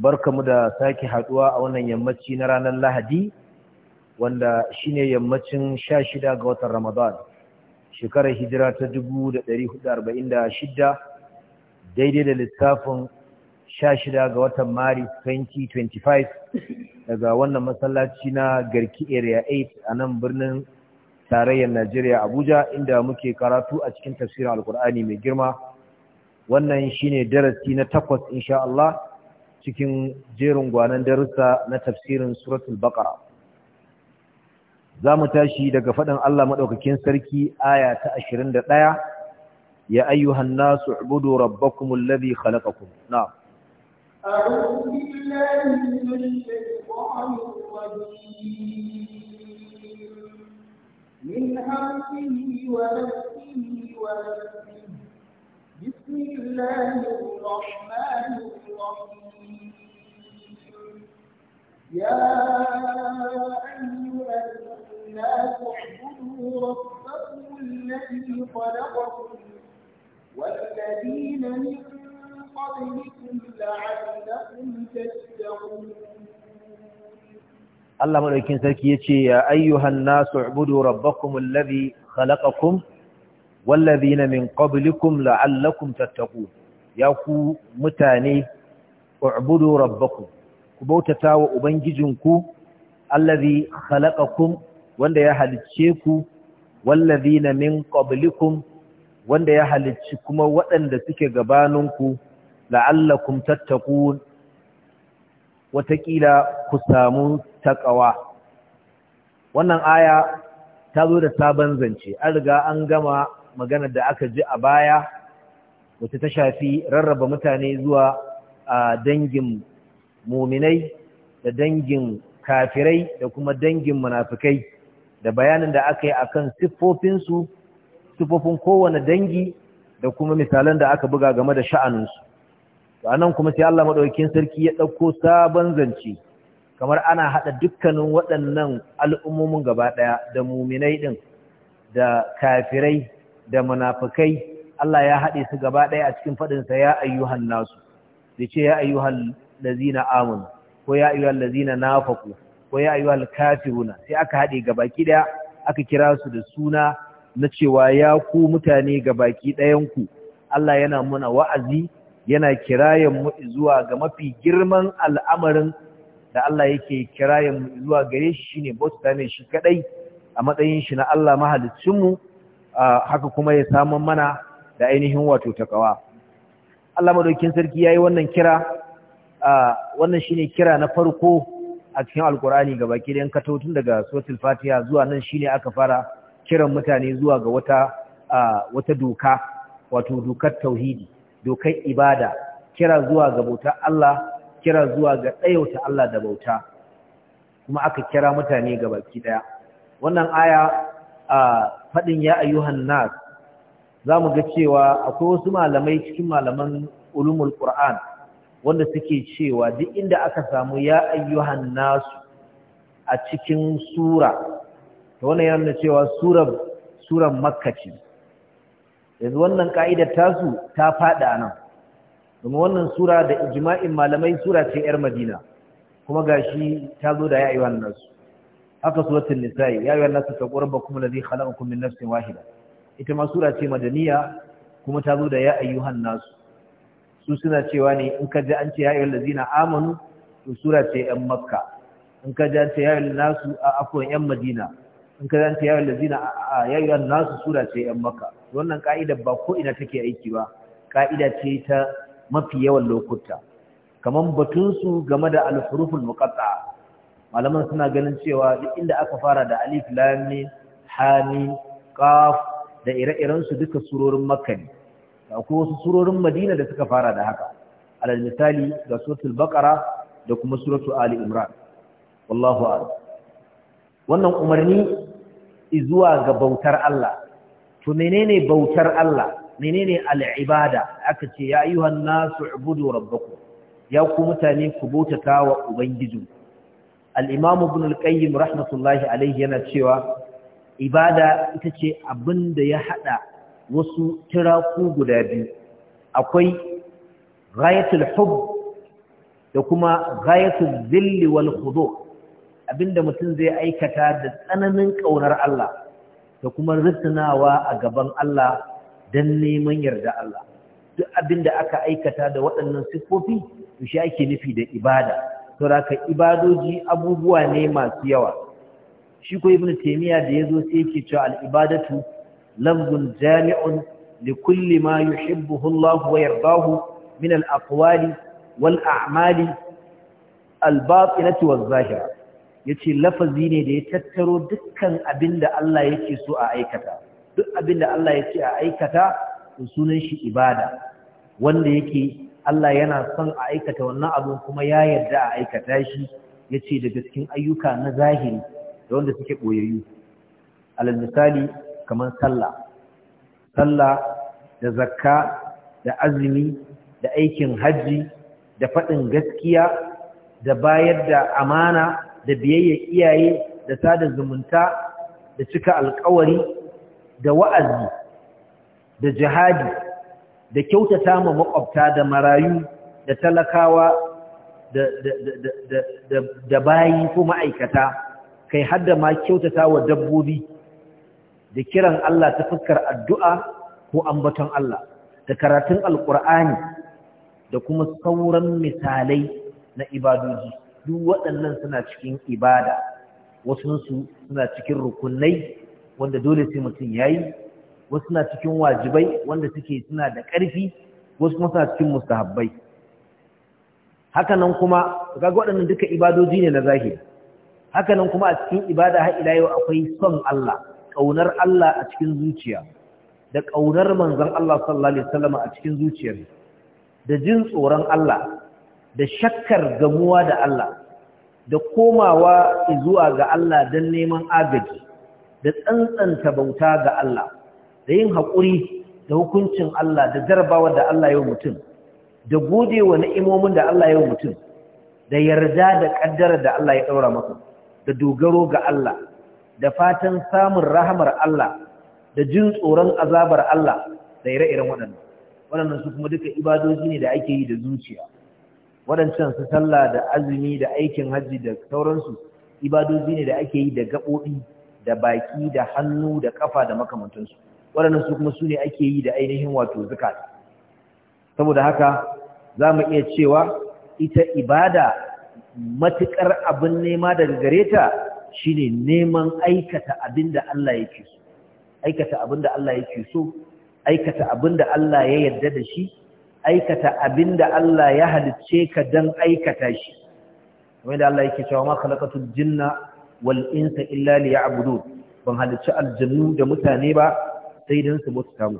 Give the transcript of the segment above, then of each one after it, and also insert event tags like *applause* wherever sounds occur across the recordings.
barkamu da sake haduwa a wannan yammaci na ranar Lahadi wanda shine yammacin 16 ga watan Ramadan shekarar hijira ta 1446 daidai da littafin 16 ga watan Maris 2025 daga wannan masallaci na Garki Area 8 a nan birnin tarayyar Najeriya Abuja inda muke karatu a cikin tafsirin Alkur'ani mai girma wannan shine darasi na takwas insha Allah cikin jerin gwanon darussa na tafsirin suratul baqara zamu tashi daga faɗin Allah madaukakin sarki aya ta 21 ya ayyuhan nasu ubudu rabbakumul ladhi khalaqakum na'am a'udhu billahi minash shaitanir rajim min hamzihi wa nafsihi wa nafsihi بسم الله الرحمن الرحيم يا أيها الناس اعبدوا ربكم الذي خلقكم والذين من قبلكم لعلكم تتقون Allah madaukin sarki yace ya ayyuhan nasu ubudu rabbakum alladhi khalaqakum wallazina min qablikum la'allakum tattaqun ya ku mutane u'budu rabbakum ku bautata wa ubangijinku allazi khalaqakum wanda ya halicce ku wallazina min qablikum wanda ya halicci kuma waɗanda suke gabaninku la'allakum tattaqun watakila ku samu ƙawa. wannan aya ta zo da sabon zance an riga an gama maganar da aka ji a baya wata ta shafi rarraba mutane zuwa a dangin muminai da dangin kafirai da kuma dangin munafikai da bayanin da aka yi a kan siffofinsu siffofin kowane dangi da kuma misalan da aka buga game da sha'aninsu to nan kuma sai Allah maɗaukin sarki ya ɗauko sabon zance kamar ana haɗa dukkanin waɗannan al'ummomin gaba ɗaya da muminai ɗin da kafirai da munafikai Allah ya haɗe su gaba ɗaya a cikin faɗinsa ya ayyuhan nasu da ce ya ayyuhan lazina amun ko ya ayyuhan lazina nafaku ko ya ayyuhan kafiruna sai aka haɗe ki ɗaya aka kira su da suna na cewa ya ku mutane ɗayan ku. Allah yana muna wa'azi yana kirayen mu zuwa ga mafi girman al'amarin da Allah yake kirayen mu zuwa gare shi shine bauta ne shi kadai a matsayin shi na Allah mahaliccin mu haka kuma ya samun mana da ainihin wato ta takawa Allah madaukin sarki ya yi wannan kira wannan shi ne kira na farko a cikin alkur'ani baki da yanka tun daga suratul fatiha zuwa nan shi ne aka fara kiran mutane zuwa ga wata doka wato dokar tauhidi dokar ibada kira zuwa ga bautar Allah kira zuwa ga ɗayauta Allah da bauta kuma aka kira mutane ga baki ɗaya. wannan aya faɗin ya ayyuhan nas za mu ga cewa akwai wasu malamai cikin malaman ulumul qur'an wanda suke cewa duk inda aka samu ya ayyuhan nas a cikin sura to wannan yana nuna cewa surar surar makka yanzu wannan ka'idar tasu ta faɗa nan domin wannan sura da ijma'in malamai sura ce 'yar madina kuma gashi ta zo da ya ayyuhan nasu haka suratul nisa'i ya ayyuhan nasu taqur rabbakum alladhi khalaqakum min nafsin wahida ita ma sura ce madaniya kuma ta zo da ya ayyuhan nasu su suna cewa ne in ka ji an ce ya ayyuhal ladzina amanu to sura ce yan makka in ka ji an ce ya ayyuhal nasu a afwan yan madina in ka ji an ce ya ayyuhal a ya ayyuhan nasu sura ce yan makka wannan ka'ida ba ko ina take aiki ba ka'ida ce ta mafi yawan lokuta kaman batun su game da al-huruful muqatta'a malaman suna ganin cewa duk inda aka fara da alif lam mim hamim qaf da ire-iren su duka surorin makka ne wasu surorin madina da suka fara da haka alal misali ga suratul baqara da kuma suratul ali imran wallahu a'lam wannan umarni izuwa ga bautar Allah to menene bautar Allah menene al'ibada aka ce ya ayyuhan nasu ubudu rabbakum ya ku mutane ku bautata wa ubangijinku al-imam ibn rahmatullahi alaihi yana cewa ibada ita ce abinda ya haɗa wasu tiraku guda biyu akwai ghayatul hubb da kuma ghayatul zilli wal abinda mutum zai aikata da tsananin ƙaunar Allah da kuma rutunawa a gaban Allah dan neman yarda Allah duk abinda aka aikata da waɗannan siffofi to shi ake nufi da ibada ka ibadoji abubuwa ne masu yawa shi ko ibnu taymiya da yazo sai yake cewa al ibadatu lafzun jami'un li kulli ma yuhibbuhu Allah wa yardahu min al aqwali wal a'mali al batinati wal zahira yace lafazi ne da ya tattaro dukkan abinda Allah yake so a aikata duk abinda Allah yake a aikata sunan shi ibada wanda yake Allah yana son a aikata wannan abu kuma ya yarda a aikata shi Ya ce daga cikin ayyuka na zahiri da wanda suke ɓoyayyu alal misali kamar sallah sallah da zakka da azumi da aikin hajji, da faɗin gaskiya da bayar da amana da biyayya iyaye da sada zumunta da cika alkawari da wa'azi da jihadi da kyautata ma makwabta da marayu da talakawa da bayi ko ma'aikata kai hadda ma kyautata wa dabbobi da kiran Allah ta fuskar addu'a ko ambaton Allah da karatun alƙur'ani da kuma sauran misalai na ibadoji duk waɗannan suna cikin ibada wasunsu suna cikin rukunai wanda dole sai mutum ya yi wasu na cikin wajibai wanda suke suna da ƙarfi wasu kuma suna cikin mustahabbai hakanan kuma ga waɗannan duka ibadoji ne na zahiri hakanan kuma a cikin ibada har ila yau akwai son Allah ƙaunar Allah a cikin zuciya da ƙaunar manzon Allah sallallahu alaihi wasallam a cikin zuciyar da jin tsoron Allah da shakkar gamuwa da Allah da komawa zuwa ga Allah don neman agaji da tsantsanta bauta ga Allah da yin haƙuri da hukuncin Allah da jarabawa da Allah yau mutum da gode wa ni'imomin da Allah yau mutum da yarda da ƙaddara da Allah ya ɗaura masa da dogaro ga Allah da fatan samun rahamar Allah da jin tsoron azabar Allah da ire-iren waɗannan waɗannan su kuma duka ibadoji ne da ake yi da zuciya waɗancan su sallah da azumi da aikin hajji da sauransu ibadoji ne da ake yi da gaɓoɓi da baki da hannu da ƙafa da makamantansu waɗannan su kuma su ne ake yi da ainihin wato zuka saboda haka za mu iya cewa ita ibada matuƙar abin nema daga gare ta shine neman aikata abin da Allah yake so aikata abin da Allah yake so aikata abin da Allah ya yarda da shi aikata abin da Allah ya halicce ka don aikata shi kamar da Allah yake cewa ma khalaqatul jinna wal'insa insa illa liya'budun ban halicci aljannu da mutane ba sai dan su bauta mu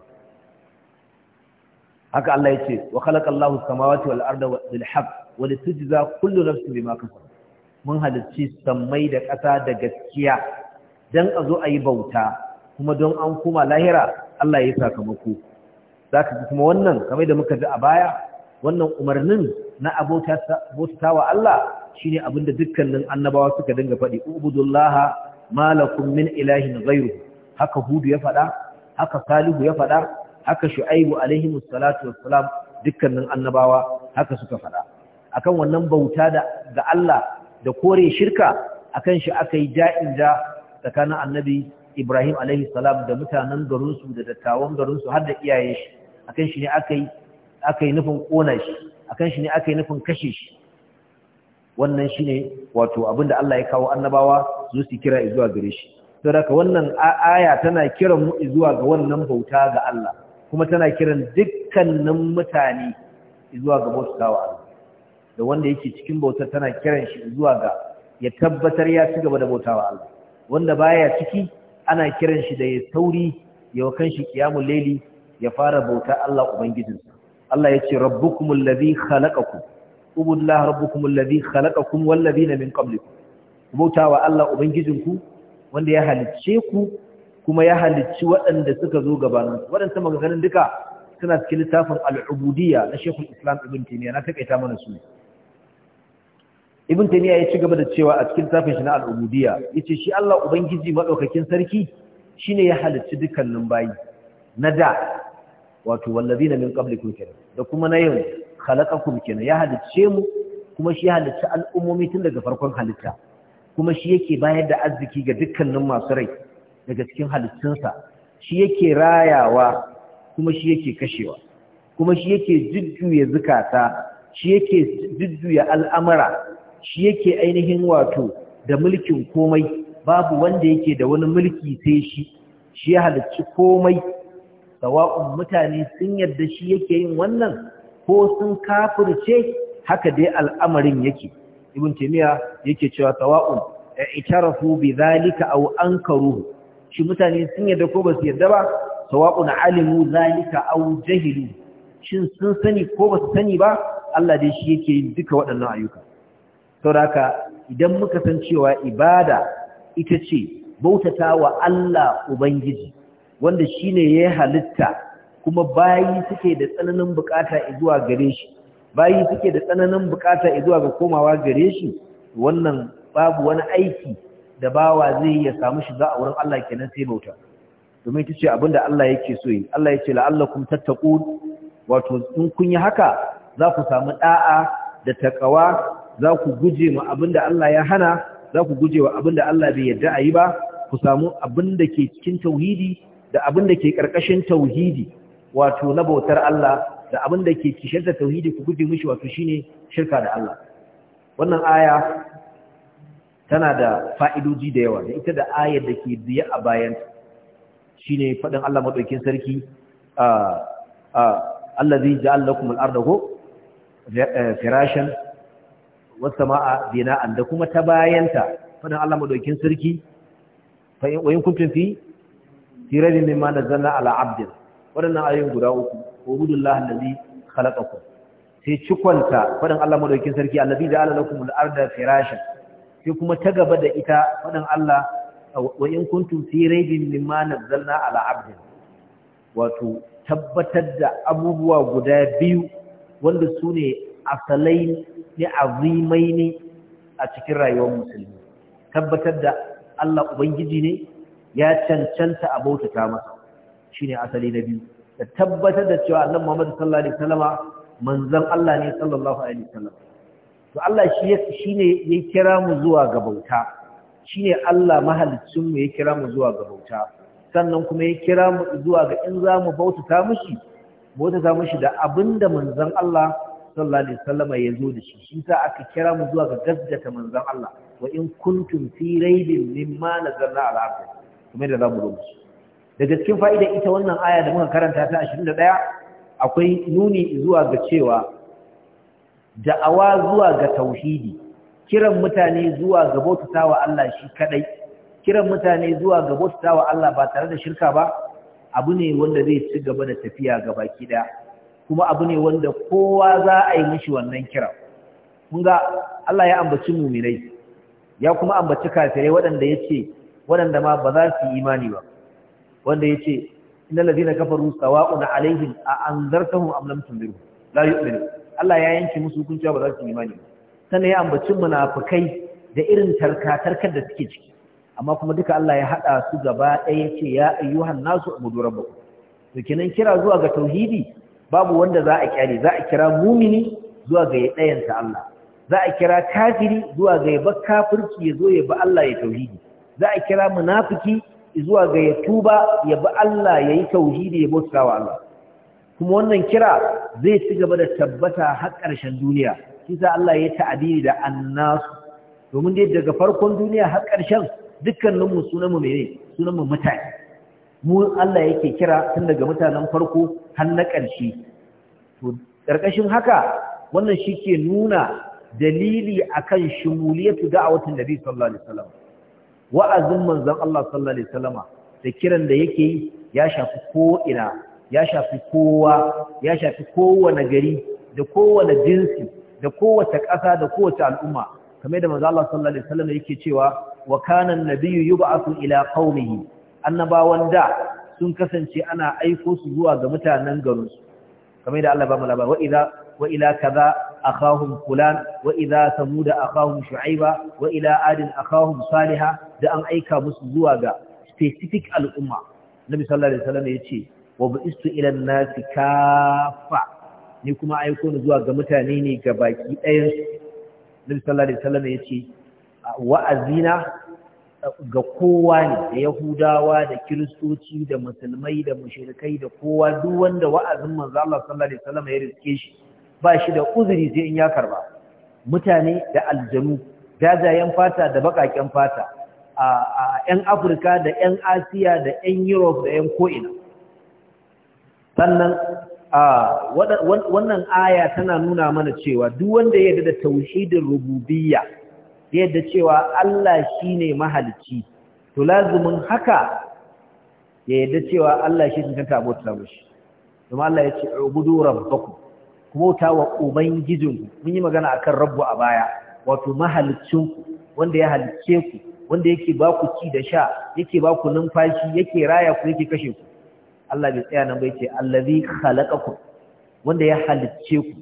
haka Allah yace wa khalaqa Allahu samawati wal arda bil haqq wa litujza kullu nafsin bima kasabat mun halicci sammai da ƙasa da gaskiya dan a zo a yi bauta kuma don an kuma lahira Allah ya sakamako zaka kuma wannan kamar da muka ji a baya wannan umarnin na wa Allah shine abinda dukkanin annabawa suka dinga faɗi ubudullaha malakum min ilahin ghayru haka hudu ya faɗa haka salihu ya faɗa haka shu'aibu alaihi musallatu wassalam dukkanin annabawa haka suka faɗa akan wannan bauta da ga Allah da kore shirka akan shi aka yi da'in da tsakanin annabi Ibrahim alaihi salam da mutanen garinsu da dattawan garinsu har da iyayen shi akan shi ne aka yi aka yi nufin kona shi akan shi ne aka yi nufin kashe shi wannan shine wato abinda Allah ya kawo annabawa su su kira zuwa gare shi saboda wannan aya tana kiran mu zuwa ga wannan bauta ga Allah kuma tana kiran dukkanin mutane zuwa ga bautawa Allah da wanda yake cikin bauta tana kiran shi zuwa ga ya tabbatar ya ci gaba da bautawa Allah wanda baya ciki ana kiran shi da ya sauri ya wa shi kiyamul laili ya fara bauta Allah ubangijinsa Allah ya ce rabbukumul ladhi khalaqakum ubudullahi rabbukumul ladhi khalaqakum wal ladina min qablikum bautawa Allah ubangijinku wanda ya halicce ku kuma ya halicci waɗanda suka zo gabaninsu. waɗanda maganganun duka suna cikin littafin al'ubudiyya na shekul islam ibn taymiya na takaita mana su ibn taymiya ya ci gaba da cewa a cikin littafin shi na al'ubudiyya ce shi Allah ubangiji madaukakin sarki shine ya halicci dukkanin bayi na da wato wallazina min kun kenan da kuma na yau kun kenan ya halicce mu kuma shi ya halicci al'ummomi tun daga farkon halitta kuma shi yake bayar da arziki ga dukkanin masu rai daga cikin halittunsa shi yake rayawa kuma shi yake kashewa kuma shi yake jujjuya zukata shi yake jujjuya al'amara shi yake ainihin wato da mulkin komai babu wanda yake da wani mulki sai shi shi ya halicci komai sawa'un mutane sun yarda shi yake yin wannan ko sun kafirce haka dai al'amarin yake ibn timiya yake cewa sawa'un i'tarafu bi aw ankaru shi mutane sun yadda ko ba su yadda ba sawa'un alimu dhalika aw jahilu shin sun sani ko basu sani ba Allah dai shi yake yin duka waɗannan ayyuka saboda haka idan muka san cewa ibada ita ce bautata wa Allah Ubangiji wanda shine ne halitta kuma bayi suke da tsananin bukata zuwa gare shi bayi suke da tsananin bukata zuwa ga komawa gare shi wannan babu wani aiki da bawa zai iya samu shiga a wurin Allah kenan sai bauta domin ita ce abinda Allah yake so yi Allah yace la'allakum tattaqun wato in kun yi haka za ku samu da'a da takawa za ku guje ma abinda Allah ya hana za ku guje wa abinda Allah bai yarda a yi ba ku samu abinda ke cikin tauhidi da abinda ke karkashin tauhidi wato na bautar Allah da abin da ke kishar da tauhidi ku gudu mishi wato shine shirka da Allah wannan aya tana da fa'idodi da yawa da ita da ayar da ke biye a bayan shine fadin Allah madaukin sarki a a allazi ja'al lakum al-ardha e, firashan was samaa bina'an da kuma ta bayanta fadin Allah madaukin sarki fa in kuntum fi na zana mimma nazzalna ala 'abdin wadannan ayoyin guda uku ubudullah allazi khalaqakum sai cikonta fadin Allah madaukin sarki allazi ja'ala lakum al-arda firashan sai kuma ta gaba da ita fadin Allah wa in kuntum fi raibin mimma nazzalna ala abdin wato tabbatar da abubuwa guda biyu wanda sune asalai ne azimai ne a cikin rayuwar musulmi tabbatar da Allah ubangiji ne ya cancanta a bautata masa shine asali na biyu da tabbatar da cewa annabi Muhammad sallallahu alaihi wasallama manzon Allah ne sallallahu alaihi wasallam to Allah shi shine ya kira mu zuwa ga bauta shine Allah mahaliccin mu ya kira mu zuwa ga bauta sannan kuma ya kira mu zuwa ga in za mu bautata mushi, bautata mushi da abinda manzon Allah sallallahu alaihi wasallama ya zo da shi shi sa aka kira mu zuwa ga gaskata manzon Allah wa in kuntum fi raibin mimma nazarna ala abdi kuma da zamu rubuta daga cikin fa'ida ita wannan aya da muka karanta ta 21 akwai nuni zuwa ga cewa da'awa zuwa ga tauhidi kiran mutane zuwa ga bautawa Allah shi kadai kiran mutane zuwa ga bautawa Allah ba tare da shirka ba abu ne wanda zai ci gaba da tafiya ga baki daya kuma abu ne wanda kowa za a yi mishi wannan kira kun Allah ya ambaci muminai ya kuma ambaci kafirai waɗanda yace waɗanda ma ba za su yi imani ba wanda yace innal ladina kafaru sawa'un alaihim a anzartahum am lam tunziru la yu'minu Allah ya yanke musu hukunci ba za su imani sannan ya ambaci munafikai da irin tarka tarkar da suke ciki amma kuma duka Allah ya hada su gaba ɗaya yace ya ayyuhan nasu ubudu rabbakum to kenan kira zuwa ga tauhidi babu wanda za a kyale za a kira mumini zuwa ga ya ɗayanta Allah za a kira kafiri zuwa ga ya ba kafirci ya zo ya bi Allah ya tauhidi za a kira munafiki zuwa ga ya tuba ya bi Allah ya yi tauhidi ya bauta wa Allah kuma wannan kira zai ci gaba da tabbata har ƙarshen duniya kisa Allah ya ta'adili da annasu? domin dai daga farkon duniya har ƙarshen dukkanin mutane mu Allah yake kira tun daga mutanen farko har na ƙarshe to ƙarƙashin haka wannan shi ke nuna dalili akan shumuliyatu da'awatin nabi sallallahu alaihi wasallam wa'azin manzon Allah sallallahu alaihi wasallama da kiran da yake ya shafi ko'ina, ya shafi kowa ya shafi kowane gari da kowane jinsi da kowace ƙasa da kowace al'umma kamar da manzo Allah sallallahu alaihi wasallam yake cewa wa kana an-nabiyyu yub'athu ila qaumihi annabawan da sun kasance ana aiko su zuwa ga mutanen garin su kamar da Allah ba mu labari wa kaza akhahum Kulan, wa idza samuda akhahum shu'aiba adin akhahum Saliha, da an aika musu zuwa ga specific al'umma nabi sallallahu alaihi wasallam yace wa bu'istu ila an-nasi ni kuma aiko ni zuwa ga mutane ne ga baki ɗayan nabi sallallahu alaihi wasallam yace wa'azina ga kowa ne da yahudawa da kiristoci da musulmai da mushrikai da kowa duk wanda wa'azin manzo Allah sallallahu ya riske shi ba shi da uzuri sai in ya karba mutane da aljanu jajayen fata da bakaken fata a 'yan afirka da 'yan asiya da 'yan europe da 'yan ko'ina sannan wannan aya tana nuna mana cewa duk wanda ya da tauhidin rububiyya yadda cewa Allah ne mahalicci to lazumin haka ya yadda cewa Allah shi kan abota mishi kuma Allah ya ce ubudu rabbakum Kuma bauta wa ubangijinku mun yi magana akan rabbu a baya wato ku wanda ya halicce ku wanda yake ba ku ci da sha yake ba ku numfashi yake raya ku yake kashe ku Allah bai tsaya nan bai ce allazi khalaqakum wanda ya halicce ku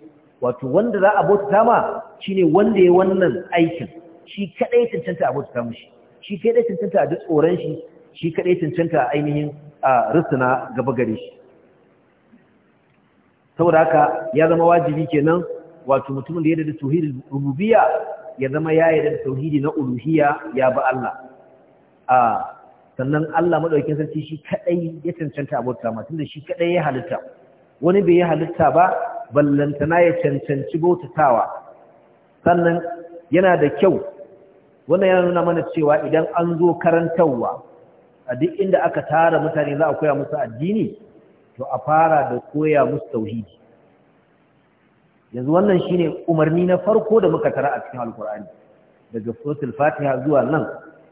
wato wanda za a bauta ma shine wanda ya wannan aikin shi kadai tantanta a bauta mishi shi kadai tantanta a duk shi shi kadai tantanta ainihin a rusuna gaba gare shi saboda haka ya zama wajibi kenan wato mutumin da ya yarda da tauhidin rububiyya ya zama ya yarda da tauhidi na uluhiyya ya ba Allah a sannan Allah madaukakin sarki shi kadai ya cancanta abota ma tunda shi kadai ya halitta wani bai ya halitta ba ballantana ya cancanci bautatawa sannan yana da kyau wannan yana nuna mana cewa idan an zo karantarwa a duk inda aka tara mutane za a koya musu addini to a fara da koya musu tauhidi yanzu wannan shine umarni na farko da muka tara a cikin alkur'ani daga suratul fatiha zuwa nan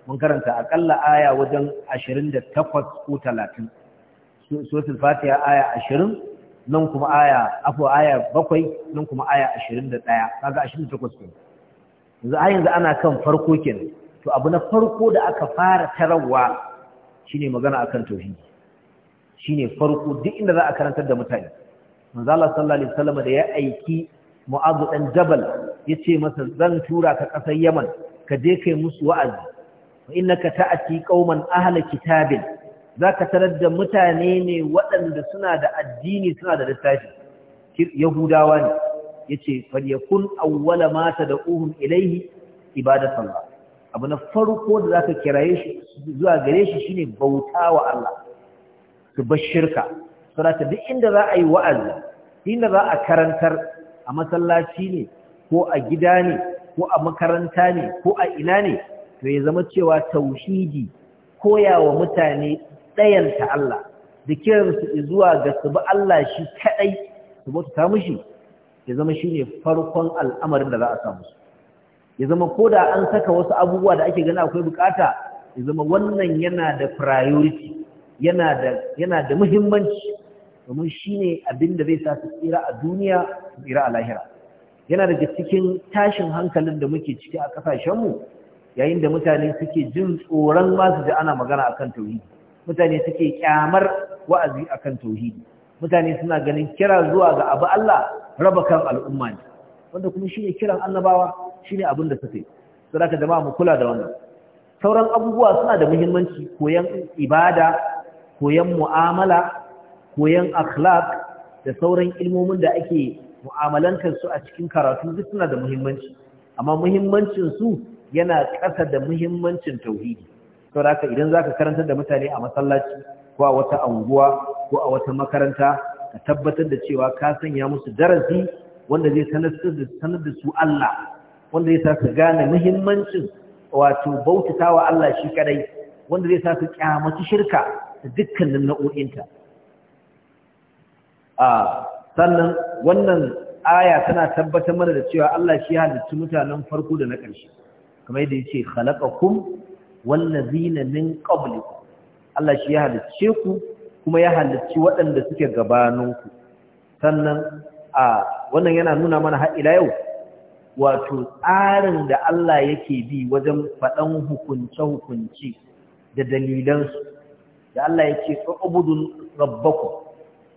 mun karanta akalla aya wajen 28 ko 30 suratul fatiha aya 20 nan kuma aya afu aya 7 nan kuma aya 21 kaga 28 ko yanzu a yanzu ana kan farko kenan to abu na farko da aka fara tarawa shine magana akan tauhidi shine farko duk inda za a karantar da mutane manzo sallallahu alaihi wasallam da ya aiki Mu'adh dan Jabal yace masa zan tura ka ƙasar Yaman ka je kai musu wa'azi wa innaka ta'ati ƙauman ahla kitabin zaka tarar da mutane ne waɗanda suna da addini suna da littafi Yahudawa ne yace falyakun awwala uhun ilaihi? Ibadatan Allah. abu na farko da zaka kiraye shi zuwa gare shi shine bautawa Allah su bar shirka saboda duk inda za a yi wa'azi inda za a karantar a masallaci ne ko a gida ne ko a makaranta ne ko a ina ne to ya zama cewa tauhidi koyawa mutane ta Allah da kiransu zuwa ga su bi Allah shi kaɗai su bauta ta mushi ya zama shi ne farkon al'amarin da za a samu su ya zama ko da an saka wasu abubuwa da ake gani akwai bukata ya zama wannan yana da priority yana da mahimmanci muhimmanci domin abin da zai sa su tsira a duniya su tsira a lahira yana daga cikin tashin hankalin da muke ciki a kasashenmu yayin da mutane suke jin tsoron masu da ana magana akan tauhidi mutane suke kyamar wa'azi akan tauhidi mutane suna ganin kira zuwa ga abu Allah raba kan al'umma ne wanda kuma shi ne kiran annabawa shi ne abin da suke saboda jama'a mu kula da wannan sauran abubuwa suna da muhimmanci koyan ibada koyan mu'amala koyan akhlaq da sauran ilmomin da ake mu'amalantar su a cikin karatu duk suna da muhimmanci amma muhimmancin su yana ƙasa da muhimmancin tauhidi saboda haka idan zaka karanta da mutane a masallaci ko a wata anguwa ko a wata makaranta ka tabbatar da cewa ka sanya musu darasi wanda zai sanar da su Allah wanda zai sa su gane muhimmancin wato bautatawa Allah shi kadai wanda zai sa su kyamaci shirka da dukkanin nau'o'inta sannan wannan aya tana tabbatar mana da cewa Allah shi halittu mutanen farko da na ƙarshe kamar yadda yace kum wannan min ƙabli Allah shi ya halicce ku kuma ya halicci waɗanda suke gabaninku sannan wannan yana nuna mana har yau wato tsarin da Allah yake bi wajen faɗan hukunce-hukunce da dalilansu da Allah ya ce ubudun rabbakum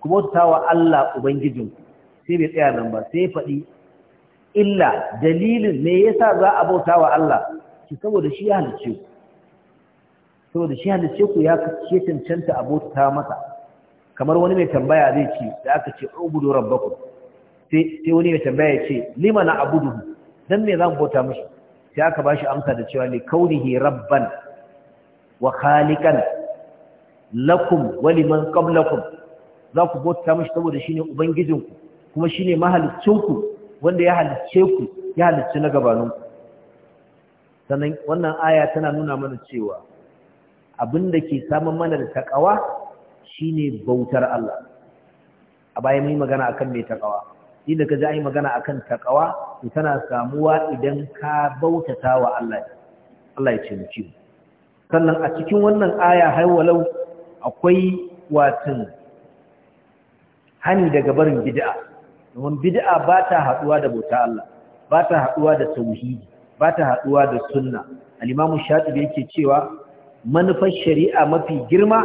kuma tawa Allah ubangijin sai bai tsaya nan ba sai fadi faɗi illa dalilin me yasa za a bauta wa Allah ki saboda shi ya halice ku saboda shi halice ku ya kace cancanta abota masa kamar wani mai tambaya zai ce da aka ce ubudu rabbakum sai sai wani mai tambaya ya ce liman abuduhu dan me zan bauta mishi sai aka bashi amsa da cewa ne kaunihi rabban wa khaliqan lakum wa liman qablakum za ku bauta mashi saboda shine ubangijinku kuma shine mahalicinku wanda ya halicce ku ya halicci na gabanin ku. sannan wannan aya tana nuna mana cewa abinda ke samun mana da takawa shine bautar Allah a baya mun yi magana akan mai takawa inda ka ji an yi magana akan takawa to tana samuwa idan ka bautata wa Allah Allah ya ce mu sannan a cikin wannan aya har walau akwai watan hani daga barin bid'a domin bid'a ba ta haduwa da bauta Allah ba ta haduwa da tauhidi ba ta haduwa da sunna al-imamu shatibi yake cewa manufar shari'a mafi girma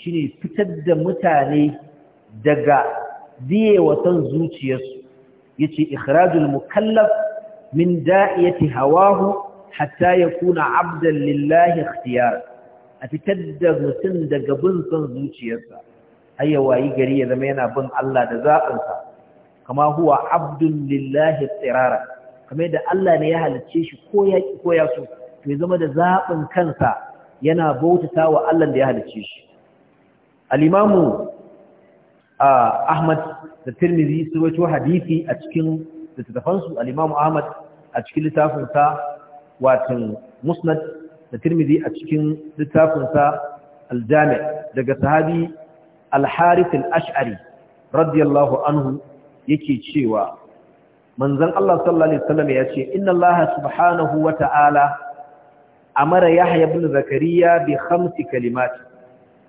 shine fitar da mutane daga biye watan zuciyarsu yace ikhrajul mukallaf min da'iyati hawahu hatta yakuna 'abdan lillahi ikhtiyara a fitar da mutum daga bin son zuciyarsa har ya wayi gari ya zama yana bin Allah da zaɓinsa kama huwa abdun lillahi tsirara kamar da Allah ne ya halicce shi ko ya ki ko ya so to ya zama da zaɓin kansa yana bautata wa Allah da ya halicce shi Alimamu Ahmad da Tirmidhi su wato hadisi a cikin littafansu Ahmad a cikin littafinsa watan Musnad da tirmidhi a cikin littafinsa aljami daga sahabi al-harith al-ash'ari radiyallahu anhu yake cewa manzon Allah sallallahu alaihi wasallam ya ce inna Allah subhanahu wa ta'ala amara yahya ibn zakariya bi khamsi kalimat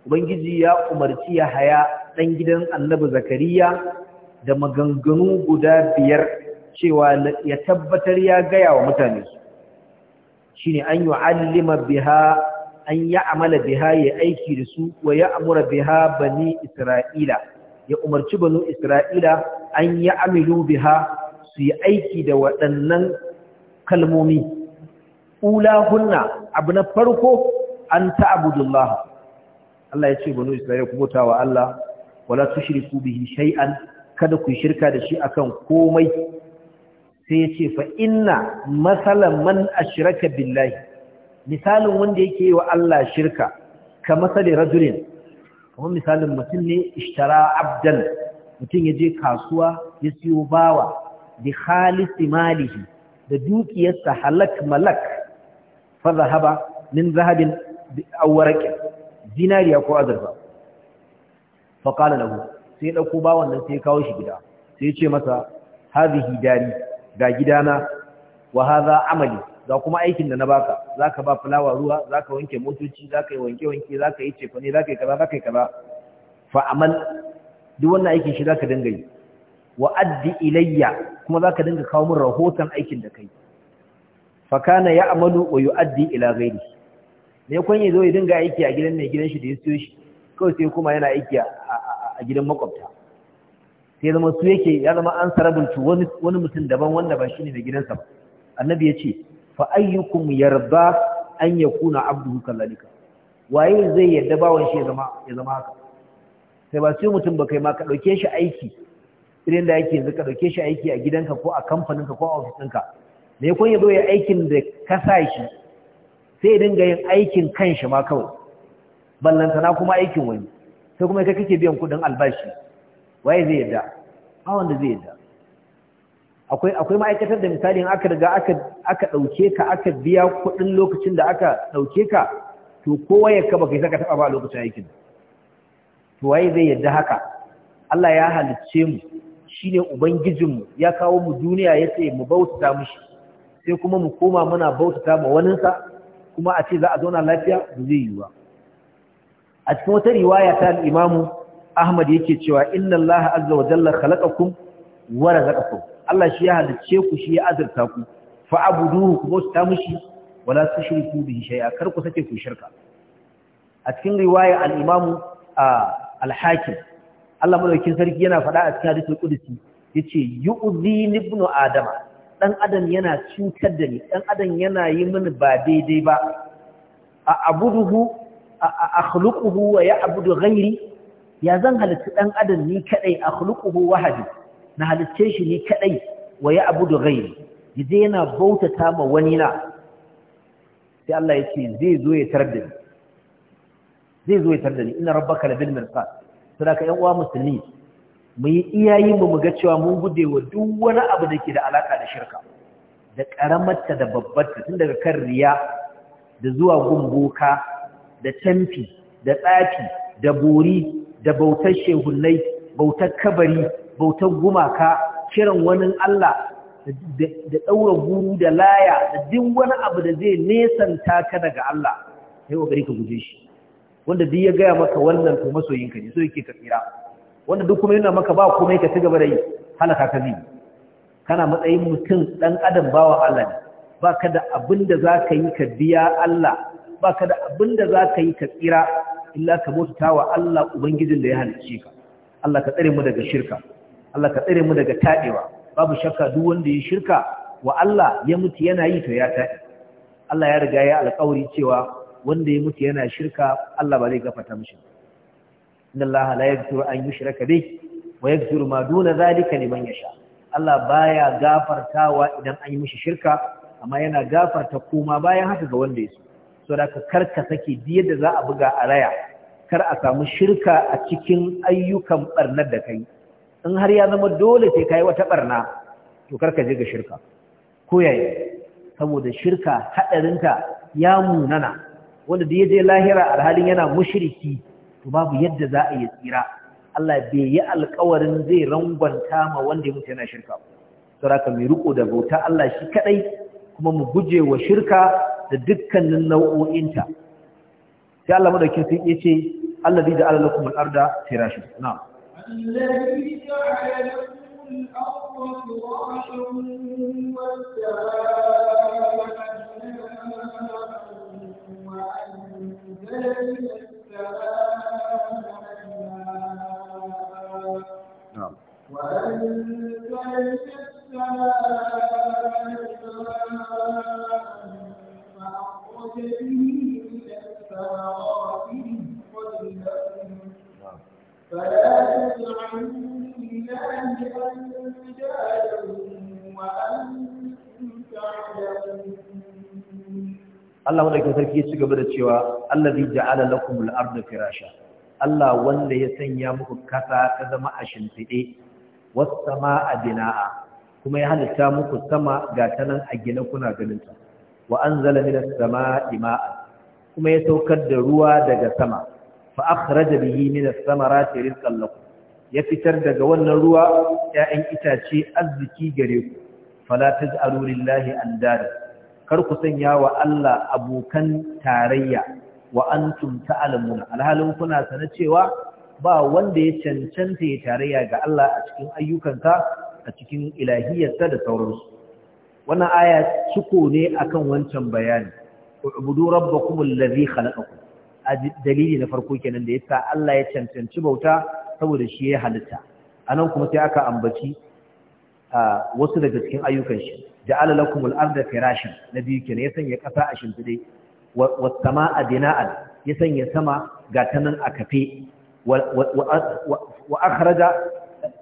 ubangiji ya umarci yahya dan gidan annabi zakariya da maganganu guda biyar cewa ya tabbatar ya gaya wa mutane su Shin an yu'allima biha an biha ya aiki da su wa ya'mura biha bani isra'ila ya umarci banu isra'ila an amilu biha su yi aiki da waɗannan kalmomi ula hunna abu na farko an ta'budullah Allah ya ce banu isra'ila ku bauta wa Allah wala tushriku bihi shay'an kada ku shirka da shi akan komai sai ya ce fa inna matsalar man ashraka billahi misalin wanda yake yi wa Allah shirka ka masali rajulin kamar misalin mutum ne ishtara abdan mutum ya je kasuwa ya siyo bawa bi khalisi malihi da dukiyarsa halak malak fa zahaba min zahabin aw waraqin dinariya ko azurfa fa qala sai ɗauko bawan nan sai kawo shi gida sai ya ce masa hadhihi dari ga gidana wa haza amali ga kuma aikin da na baka zaka ba fulawa ruwa zaka wanke motoci zaka yi wanke wanke zaka yi cefane zaka yi kaza zaka yi kaza fa amal duk wannan aikin shi zaka dinga yi wa addi ilayya kuma zaka dinga kawo min rahoton aikin da kai fa kana ya'malu wa yu'addi ila ghairi ne kun yi zo ya dinga aiki a gidan mai gidan shi da ya siyo shi kawai sai kuma yana aiki a gidan makwabta sai zama su yake ya zama an sarabuntu wani mutum daban wanda ba shine mai gidansa ba annabi ya ce fa ayyukum yarda an kuna abduhu kallalika waye zai yarda bawan shi ya zama ya zama haka sai ba sai mutum ba kai ma ka dauke shi aiki irin da yake yanzu ka dauke shi aiki a gidanka ko a kamfaninka ko a ofisinka me kun yazo ya aikin da ka sa shi sai dinga yin aikin kanshi ma kawai ballantana kuma aikin wani sai kuma kai kake biyan kudin albashi waye zai yadda ba wanda zai yadda akwai akwai ma'aikatar da misali in aka riga aka aka dauke ka aka biya kuɗin lokacin da aka dauke ka to kowa ya kaba kai saka taba ba lokacin aikin to waye zai yarda haka Allah ya halicce mu shine ubangijinmu ya kawo mu duniya ya tsaye mu bautata mishi sai kuma mu koma muna bautata ma waninsa kuma a ce za a zauna lafiya ba zai yi ba a cikin wata riwaya ta al'imamu Ahmad yake cewa inna Allah azza wa jalla khalaqakum wa razaqakum Allah shi ya halice ku shi ya azurta ku fa abuduhu ku ta mushi wala tushriku bihi shay'a kar ku sake ku shirka a cikin riwaya al-Imam al-Hakim Allah madaukakin sarki yana faɗa a cikin hadisul qudsi yace yu'zi ibnu adam dan adam yana cutar da ni dan adam yana yi mini ba daidai ba a abuduhu a akhluquhu wa ya'budu ghairi ya zan halitta ɗan adam ni kaɗai a khuluquhu wahadi na halitce shi ni kaɗai wa ya abu da gairi yaje yana bautata ma wani na sai Allah ya ce zai zo ya tarar da ni zai zo ya tarar da ni inna rabbaka labil mirsad sadaka yan uwa musulmi mu yi iyayi mu ga cewa mun gude wa duk wani abu da ke da alaka da shirka da karamarta da babbarta tun daga kan riya da zuwa gumboka da tamfi da tsafi da bori da bautar shehullai bautar kabari bautar gumaka kiran wani Allah da ɗaura guru da laya da duk wani abu da zai nesanta ka daga Allah sai kokari ka guje shi wanda duk ya gaya maka wannan to masoyinka ne so yake ka tsira wanda duk kuma yana maka ba komai ka ci gaba da yi halaka ka zai kana matsayin mutum ɗan adam bawa Allah ne ba ka da abin da za ka yi ka biya Allah ba ka da abin da za ka yi ka tsira illa ka bauta wa Allah ubangijin da ya halicce ka Allah ka tsare mu daga shirka Allah ka tsare mu daga taɗewa. babu shakka duk wanda ya shirka wa Allah ya mutu yana yi to ya taɗe. Allah ya riga ya alƙawari cewa wanda ya mutu yana shirka Allah ba zai gafarta mishi inna Allah la yaghfiru an yushraka bih wa yaghfiru ma duna zalika liman yasha Allah baya gafartawa idan an yi mishi shirka amma yana gafarta kuma bayan haka ga wanda ya so so da kar ka sake diyar da za a buga a raya kar a samu shirka a cikin ayyukan barnar da kai in har ya zama dole sai kai wata barna to kar ka je ga shirka ko yaya saboda shirka haɗarinta ya munana wanda da yaje lahira alhalin yana mushriki to babu yadda za a yi tsira Allah bai yi alƙawarin zai rangwanta ma wanda ya mutu yana shirka saboda mai riko da bauta Allah shi kadai kuma mu guje wa shirka da dukkanin nau'o'inta sai Allah madaukin sai ya ce allazi da alalakum al-arda firashin na'am allazi ja'ala lakum al-arda firashin وأنزل السماء Allah madaukakin sarki ya ci gaba da cewa allazi ja'ala lakum al firasha Allah wanda ya sanya muku kasa ta zama a shimfide was a bina'a kuma ya halitta muku sama ga tanan a gina kuna ganin ta wa anzala minas sama'i ma'a kuma ya saukar da ruwa daga sama fa akhraja bihi minas samarati rizqan lakum ya fitar daga wannan ruwa 'ya'yan itace arziki gare ku fala taj'alu lillahi andada kar ku sanya wa Allah abokan tarayya wa antum ta'lamuna alhalin kuna sana cewa ba wanda ya cancanta ya tarayya ga Allah a cikin ayyukanka a cikin ilahiyarsa da sauransu wannan aya ciko ne akan wancan bayani ubudu rabbakum allazi khalaqakum dalili na farko kenan da yasa Allah ya cancanci bauta saboda shi ya halitta anan kuma sai aka ambaci wasu daga cikin ayyukan shi ja'ala lakum al-ardha firashan nabi kenan ya sanya kasa a shimfide was samaa bina'an ya sanya sama ga tanan a kafe wa akhraja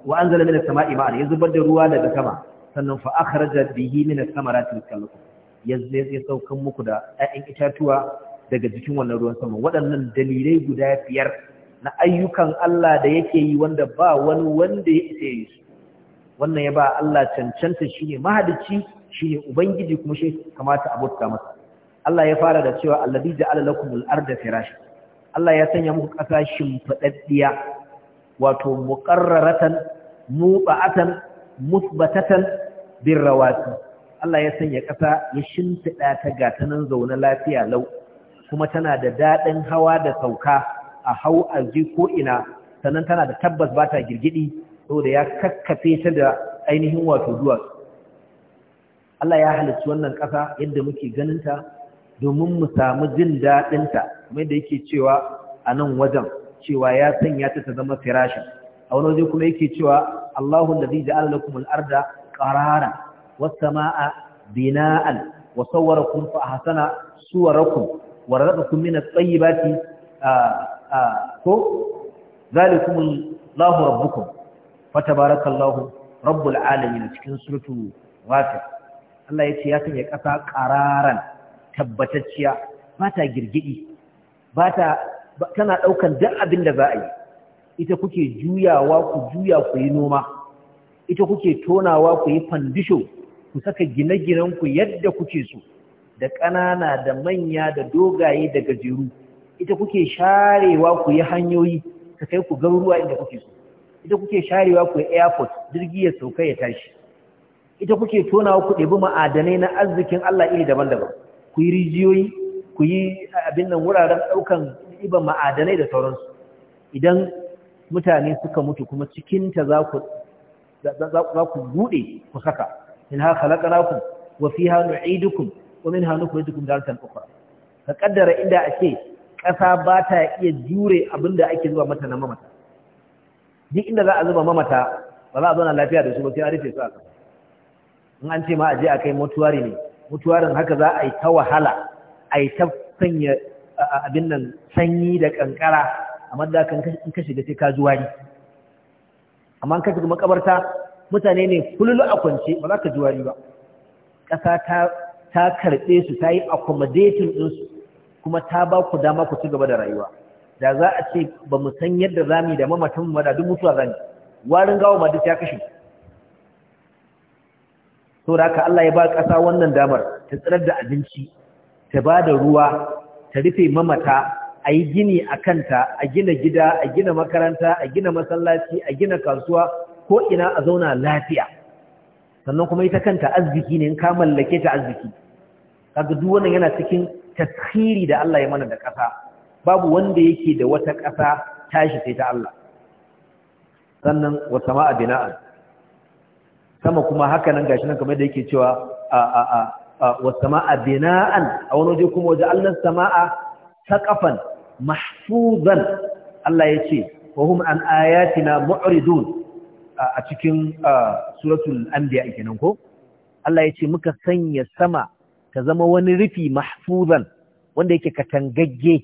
wa anzala min as-samaa'i ma'an ya zubar da ruwa daga sama sannan fa akhraja bihi min ath-thamarati rizqan ya saukan muku da 'ya'yan itatuwa daga jikin wannan ruwan sama waɗannan dalilai guda biyar na ayyukan Allah da yake yi wanda ba wani wanda ya isa yi su wannan ya ba Allah cancanta shine mahadici shine ubangiji kuma shi kamata abota masa Allah ya fara da cewa alladhi ja'ala lakumul arda firash Allah ya sanya muku ƙasa shimfadaddiya wato muqarraratan muba'atan musbatatan bin rawati Allah ya sanya ƙasa ya shimfiɗa ta nan zaune lafiya lau kuma tana da daɗin hawa da sauka a hau a ji ko'ina sannan tana da tabbas ba ta girgidi saboda ya kakkafe ta da ainihin wato duwatsu Allah ya halicci wannan ƙasa yadda muke ganinta domin mu samu jin daɗinta kuma yadda yake cewa a nan wajen cewa ya sanya ta ta zama firashin a wani waje kuma yake cewa Allahu zai ja'ala lakum al-arda قرارا والسماء بناء وصوركم فأحسن صوركم ورزقكم من الطيبات ذلكم الله ربكم فتبارك الله رب العالمين cikin suratu ghafir Allah yace ya sanya kasa qararan tabbatacciya bata girgidi bata tana daukan duk abin da za a yi ita kuke juyawa ku juya ku yi noma ita kuke tonawa ku yi fandisho ku saka gine ginen ku yadda kuke so da ƙanana da manya da dogaye da gajeru ita kuke sharewa ku yi hanyoyi ta kai ku garuruwa inda kuke so ita kuke sharewa ku yi airport jirgi ya sauka ya tashi ita kuke tonawa ku ɗebi ma'adanai na arzikin Allah iri daban-daban ku yi rijiyoyi ku yi abin nan wuraren ɗaukan ɗiban ma'adanai da sauransu idan mutane suka mutu kuma cikinta za ku za ku bude ku saka minha khalaqnakum wa fiha nu'idukum wa minha nukhrijukum daratan ukhra ka kaddara inda ake ƙasa ba ta iya jure abinda ake zuba mata na mamata duk inda za a zuba mamata ba za a zauna lafiya da su ba sai a rufe su a ƙasa in an ce ma a je a kai mutuwari ne mutuwarin haka za a yi ta wahala a yi ta sanya abin nan sanyi da kankara amma da kan in ka shiga sai ka ji wari amma ka shiga makabarta mutane ne fululu a kwance ba za ka ji wari ba ƙasa ta karɓe su ta yi accommodating ɗinsu kuma ta ba ku dama ku ci gaba da rayuwa da za a ce ba mu san yadda za mu yi da mamatan mu da duk mutuwa za mu warin gawo ma duk ya kashe to da haka Allah ya ba ƙasa wannan damar ta tsirar da abinci ta ba da ruwa ta rufe mamata a yi gini a kanta a gina gida a gina makaranta a gina masallaci a gina kasuwa ko ina a zauna lafiya sannan kuma ita kanta arziki ne in ka mallake ta arziki kaga duk wannan yana cikin tasiri da Allah ya mana da ƙasa babu wanda yake da wata ƙasa tashi sai ta Allah sannan wa sama'a bina'an sama kuma haka nan gashi nan kamar da yake cewa a a a wa sama'a bina'an a wani waje kuma waje Allah sama'a saqafan mahfuzan Allah ya ce wa hum an ayatina mu'ridun a cikin suratul anbiya kenan ko Allah ya ce muka sanya sama ka zama wani rufi mahfuzan wanda yake katangagge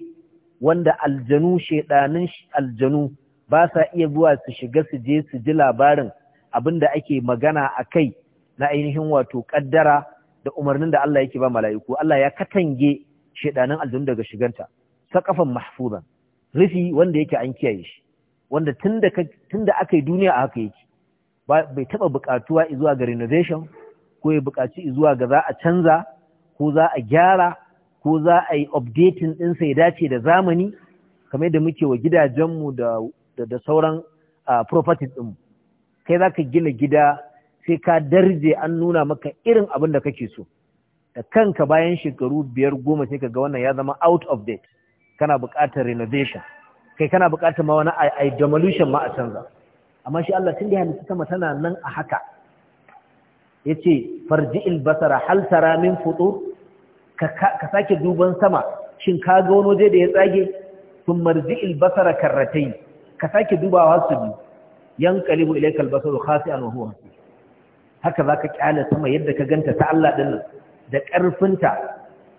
wanda aljanu shedanin aljanu ba sa iya zuwa su shiga su je su ji labarin abinda ake magana a kai na ainihin wato kaddara da umarnin da Allah yake ba mala'iku Allah ya katange shedanin aljanu daga shiganta saƙafan mahfuzan rufi wanda yake an kiyaye shi wanda tunda aka yi duniya a haka yake bai taɓa buƙatuwa zuwa ga renovation ko ya buƙaci zuwa ga za a canza ko za a gyara ko za a yi updating ɗinsa ya dace da zamani kamar da muke wa gidajen mu da sauran properties ɗinmu kai za ka gina gida sai ka darje an nuna maka irin abin da kake so da kanka bayan shekaru biyar goma sai ka ga wannan ya zama out of date kana buƙatar renovation kai kana buƙatar ma wani ai demolition ma a canza amma shi Allah tun da halitta sama tana nan a haka yace farji'il basara hal tara min futur ka ka sake duban sama shin ka ga wani waje da ya tsage sun marji'il basara karratai ka sake dubawa su bi yanqalibu ilayka al-basaru khasi'an wa huwa haka zaka kyale sama yadda ka ganta ta Allah din nan da ƙarfinta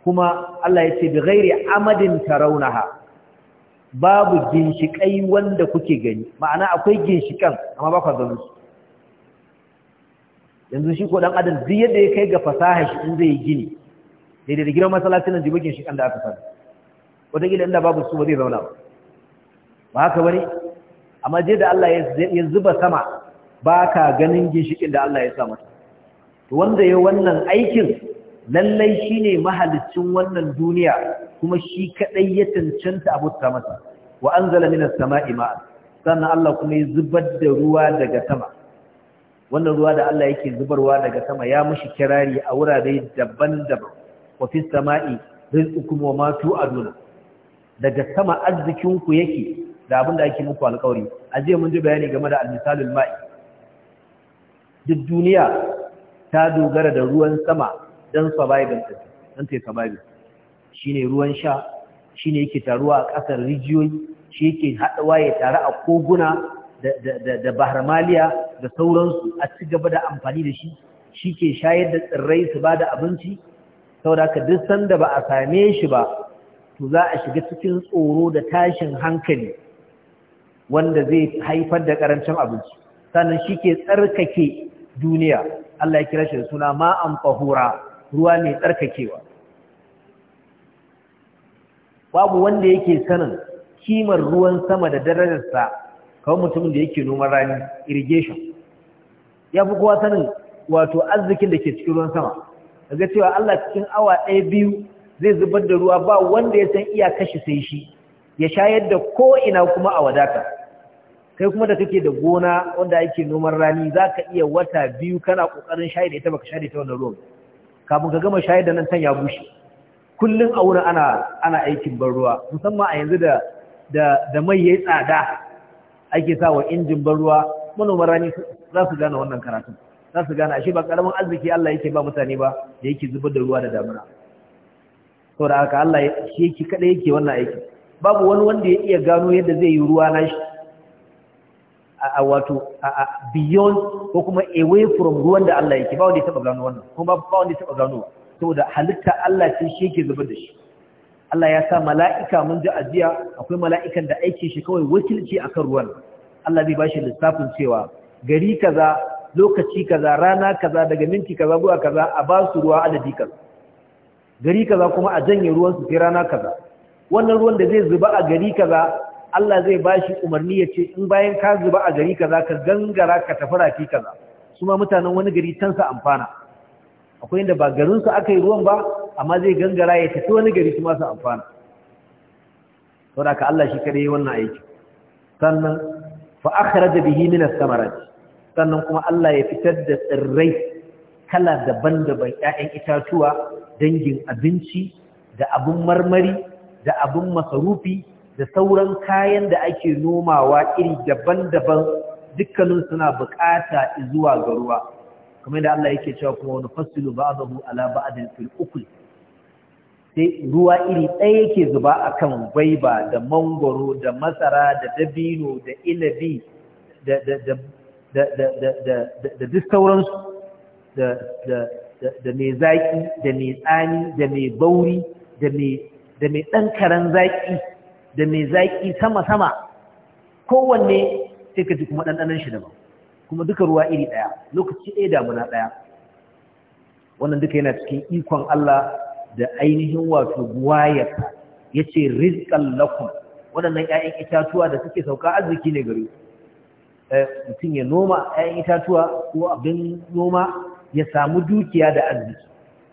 kuma Allah ya ce bi ghairi amadin tarawnaha babu ginshikai wanda kuke gani ma'ana akwai ginshikan amma ba ku gani su yanzu shi ko dan adam duk yadda ya kai ga fasaha shi in zai gini dai da gidan masallacin nan jibi ginshikan da aka sani wata gidan inda babu su ba zai zauna ba ba haka bane amma je da Allah ya zuba sama ba ka ganin ginshikin da Allah ya sa mata to wanda ya wannan aikin lallai shine mahalicin wannan duniya kuma shi kaɗai ya cancanta abota masa wa anzala minar sama'i ma'a sannan Allah kuma ya zubar da ruwa daga sama wannan ruwa da Allah yake zubarwa daga sama ya mushi kirari a wurare daban-daban wa fis sama'i rizqukum wa ma tu'adun daga sama arzikinku yake da abin da ake muku alƙawari a jiya mun ji bayani game da almisalin ma'i duk duniya ta dogara da ruwan sama don survival ta don ta survival ne ruwan sha shi ne yake taruwa a ƙasar rijiyoyi shi yake haɗawa ya tare a koguna da baharmaliya da sauransu a ci gaba da amfani da shi shi ke shayar da tsirrai su ba da abinci saboda ka duk sanda ba a same shi ba to za a shiga cikin tsoro da tashin hankali wanda zai haifar da ƙarancin abinci sannan shi ke tsarkake duniya Allah ya kira shi da suna ma'an fahura ruwa mai tsarkakewa babu wanda yake sanin kimar ruwan sama da darajarsa kawai mutumin da yake noman rani irrigation ya fi kowa sanin wato arzikin da ke cikin ruwan sama daga cewa Allah cikin awa ɗaya biyu zai zubar da ruwa ba wanda ya san iya kashe sai shi ya shayar da ina kuma a wadata kai kuma da kake da gona wanda ake noman rani za ka iya wata biyu kana ƙoƙarin shayar da ita baka shayar da ita wannan ruwan kafin ka gama shayar da nan can ya bushe kullum a wurin ana ana aikin ban ruwa musamman a yanzu da da da mai yayi tsada ake sawa injin ban ruwa rani za su gane wannan karatu za su gane ashe ba karamin arziki Allah yake ba mutane ba da yake zubar da ruwa da damuna saboda haka Allah shi yake kada yake wannan aiki babu wani wanda ya iya gano yadda zai yi ruwa na nashi a wato beyond ko kuma away from ruwan da Allah yake ba wanda ya taba gano wannan kuma ba wanda ya taba gano saboda halitta Allah ce shi yake zubar da shi Allah ya sa mala'ika mun ji ajiya akwai mala'ikan da aike shi kawai wakilci akan ruwan Allah zai bashi lissafin cewa gari kaza lokaci kaza rana kaza daga minti kaza zuwa kaza a ba su ruwa adadi kaza gari kaza kuma a janye ruwan su sai rana kaza wannan ruwan da zai zuba a gari kaza Allah zai ba shi umarni ya ce in bayan ka zuba a gari kaza ka gangara ka tafi rafi kaza su ma mutanen wani gari can sa amfana akwai inda ba garinsu aka yi ruwan ba amma zai gangara ya tafi wani gari su ma su amfana saboda ka Allah shi kare wannan aiki sannan fa bihinina bihi min as-samarat sannan kuma Allah ya fitar da tsirrai kala daban-daban ƴaƴan itatuwa dangin abinci da abun marmari da abun masarufi da sauran kayan da ake nomawa iri daban-daban dukkanin suna bukata zuwa ga ruwa kamar da Allah yake cewa kuma wani fasilu ba'dahu ala ba'din fil ukul sai ruwa iri ɗaya yake zuba akan gwaiba da mangoro da masara da dabino da ilabi da da duk sauransu da mai zaƙi da mai tsani da mai bauri da mai ɗan karen zaƙi da mai zaƙi sama-sama kowanne sai ka ji kuma ɗanɗanan shi daban kuma duka ruwa iri ɗaya lokaci ɗaya damuna ɗaya wannan duka yana cikin ikon Allah da ainihin wato guwayarsa ya ce rizkan lakon waɗannan ‘ya'yan itatuwa da suke sauka arziki ne gari eh, mutum ya noma ‘ya'yan itatuwa ko abin noma ya samu dukiya da arziki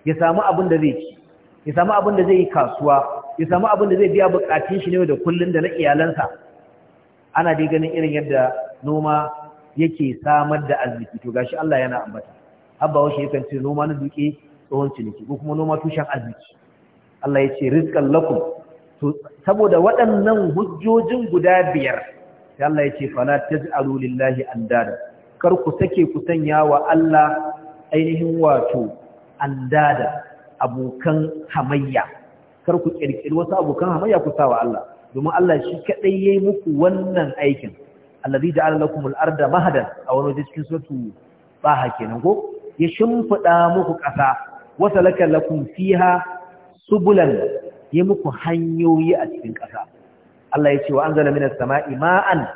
ya samu abin da zai ya samu abin da zai yi kasuwa ya samu abin da zai biya bukatun shi ne da kullun da na iyalansa ana dai ganin irin yadda noma yake samar da arziki to gashi Allah yana ambata abba shi yakan ce noma na duke tsohon ciniki ko kuma noma tushen arziki Allah ya ce rizqan lakum to saboda waɗannan hujjojin guda biyar sai Allah ya ce fala taj'alu lillahi andada kar ku sake ku sanya wa Allah ainihin wato andada abokan hamayya kar ku kirkiri wasu abokan hamayya ku sawa Allah domin Allah shi kadai yayi muku wannan aikin alladhi ja'ala lakum al-arda mahadan a wani waje cikin suratu baha kenan ko ya shimfida muku kasa wasa salaka lakum fiha subulan ya muku hanyoyi a cikin kasa Allah ya ce wa anzala minas sama'i ma'an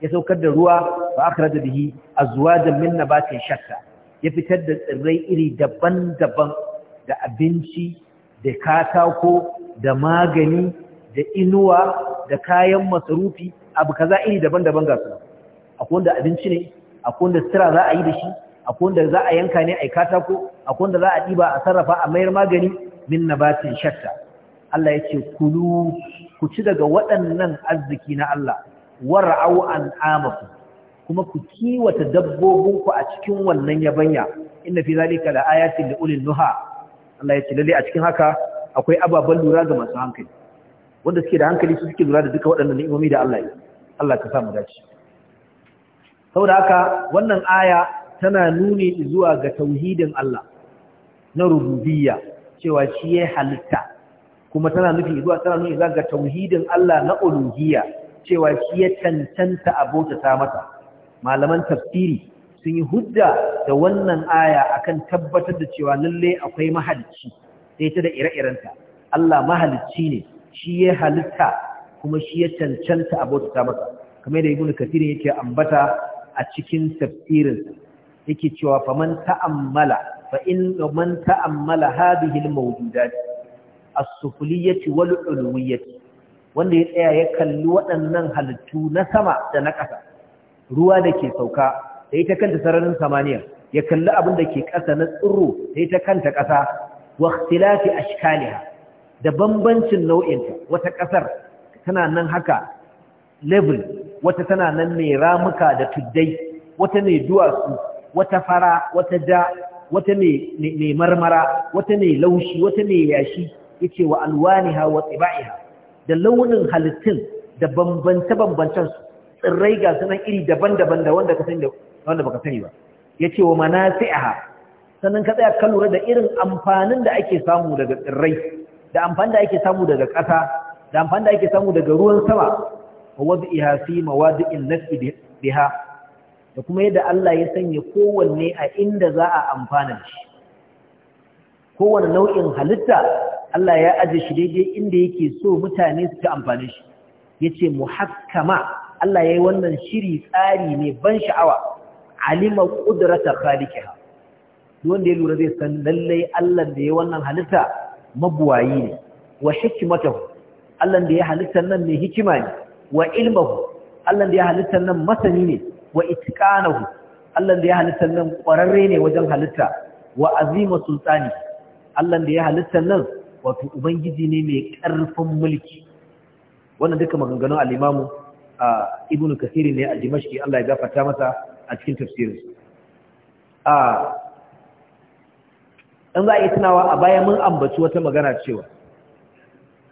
ya saukar da ruwa ba akhraja bihi azwajan min nabatin shatta ya fitar da tsirrai iri daban-daban da abinci da katako da magani da inuwa da kayan masarufi abu kaza iri daban-daban ga su akwai wanda abinci ne akwai wanda sutura za a yi da shi akwai wanda za a yanka ne a katako akwai wanda za a ɗiba a sarrafa a mayar magani min nabatin shatta Allah ya ce kulu ku ci daga waɗannan arziki na Allah war'au an amaku kuma ku kiwata dabbobinku a cikin wannan yabanya inna fi zalika la ayatin li ulil nuha Allah ya ce lalle a cikin haka akwai ababan lura ga masu hankali wanda suke da hankali su suke lura da duka waɗannan ni'imomi da Allah ya Allah ka sa mu dace saboda haka wannan aya tana nuni zuwa ga tauhidin Allah na rububiyya cewa shi ya halitta kuma tana nufi zuwa tana nuni zuwa ga tauhidin Allah na uluhiyya cewa shi ya tantanta abota ta mata malaman tafsiri sun yi hujja da wannan aya akan tabbatar da cewa lalle akwai mahalicci sai ta da ire-irenta Allah mahalicci ne shi ya halitta kuma shi ya cancanta a abota masa kamar da ibnu kathir yake ambata a cikin tafsirin yake cewa man ta'ammala fa in man ta'ammala hadhihi al-mawjudat as sufliyyah wal ulwiyyah wanda ya tsaya ya kalli waɗannan halittu na sama da na ƙasa ruwa da ke sauka da ita kanta sararin samaniya ya kalli abin da ke ƙasa na tsiro yi ta kanta ƙasa wa ikhtilafi ashkaliha da bambancin nau'inta wata ƙasar tana nan haka level wata tana nan mai ramuka da tuddai wata mai duwatsu wata fara wata ja wata mai marmara wata mai laushi wata mai yashi yace wa alwaniha wa tsibaiha da launin halittun da bambance-bambancen su tsirrai ga sunan iri daban-daban da wanda ka baka sani ba Ya ce, wa manasi'aha sannan ka tsaya ka lura da irin amfanin da ake samu daga tsirrai da amfanin da ake samu daga ƙasa da amfanin da ake samu daga ruwan sama wa wad'iha fi mawadi'in nafi biha da kuma yadda Allah ya sanya kowanne a inda za a amfana shi kowanne nau'in halitta Allah ya aje shi daidai inda yake so mutane su ta amfani shi yace muhakkama Allah ya yi wannan shiri tsari ne ban sha'awa alima qudrata khaliqiha duk wanda lura zai san lallai Allah da ya wannan halitta mabuwayi ne wa hikmatahu Allah da ya halitta nan mai hikima ne wa ilmahu Allah da ya halitta nan masani ne wa itqanahu Allah da ya halitta nan ƙwararre ne wajen halitta wa azima sultani Allah da ya halitta nan wato ubangiji ne mai ƙarfin mulki wannan duka maganganun al-Imam ah, ibnu Kathir ne a Dimashqi Allah ya gafarta masa a cikin tafsirinsu. a in za a yi tunawa a baya mun ambaci wata magana cewa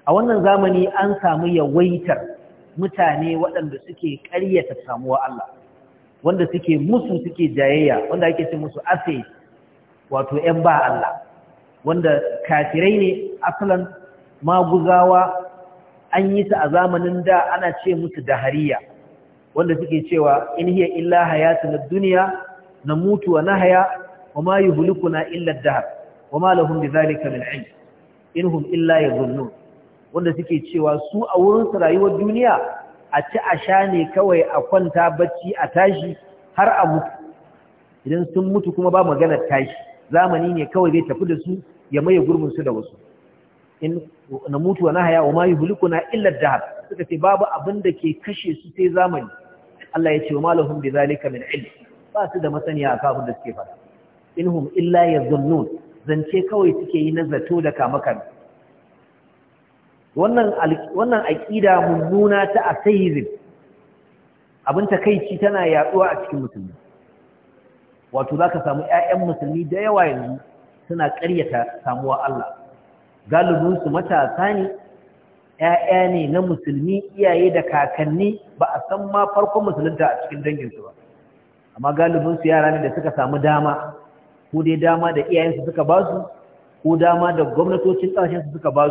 a wannan zamani an samu yawaitar mutane waɗanda suke ƙaryata samuwa Allah wanda suke musu suke jayayya wanda ake ce musu ase wato ‘yan ba Allah wanda kafirai ne asalan maguzawa an yi su a zamanin da ana ce musu da dahariya wanda suke cewa in hiya illa duniya, dunya namutu wa nahya wa yuhlikuna illa ad-dahr wa lahum bidhalika min 'ilm inhum illa yadhunnun wanda suke cewa su a wurin su rayuwar duniya a ci a sha ne kawai a kwanta bacci a tashi har a mutu idan sun mutu kuma ba maganar tashi zamani ne kawai zai tafi da su ya maye gurbin su da wasu in namutu wa nahya wa yuhlikuna illa ad-dahr suka ce babu abin da ke kashe su sai zamani Allah ya ce wa malahum bi zalika min ilm ba su da masaniya akan abin da suke faɗa inhum illa yazunnun zance kawai suke yi na zato da kamakan wannan wannan aqida mummuna ta atheism abin takaici tana yaduwa a cikin musulmi wato zaka samu ƴaƴan musulmi da yawa yanzu suna ƙaryata samuwa Allah galibinsu matasa ne ‘ya'ya ne na musulmi iyaye da kakanni ba a san ma farkon musulunta a cikin danginsu ba amma galibinsu yara ne da suka samu dama ko dai dama da iyayensu suka ba ko dama da gwamnatocin ƙasashensu suka ba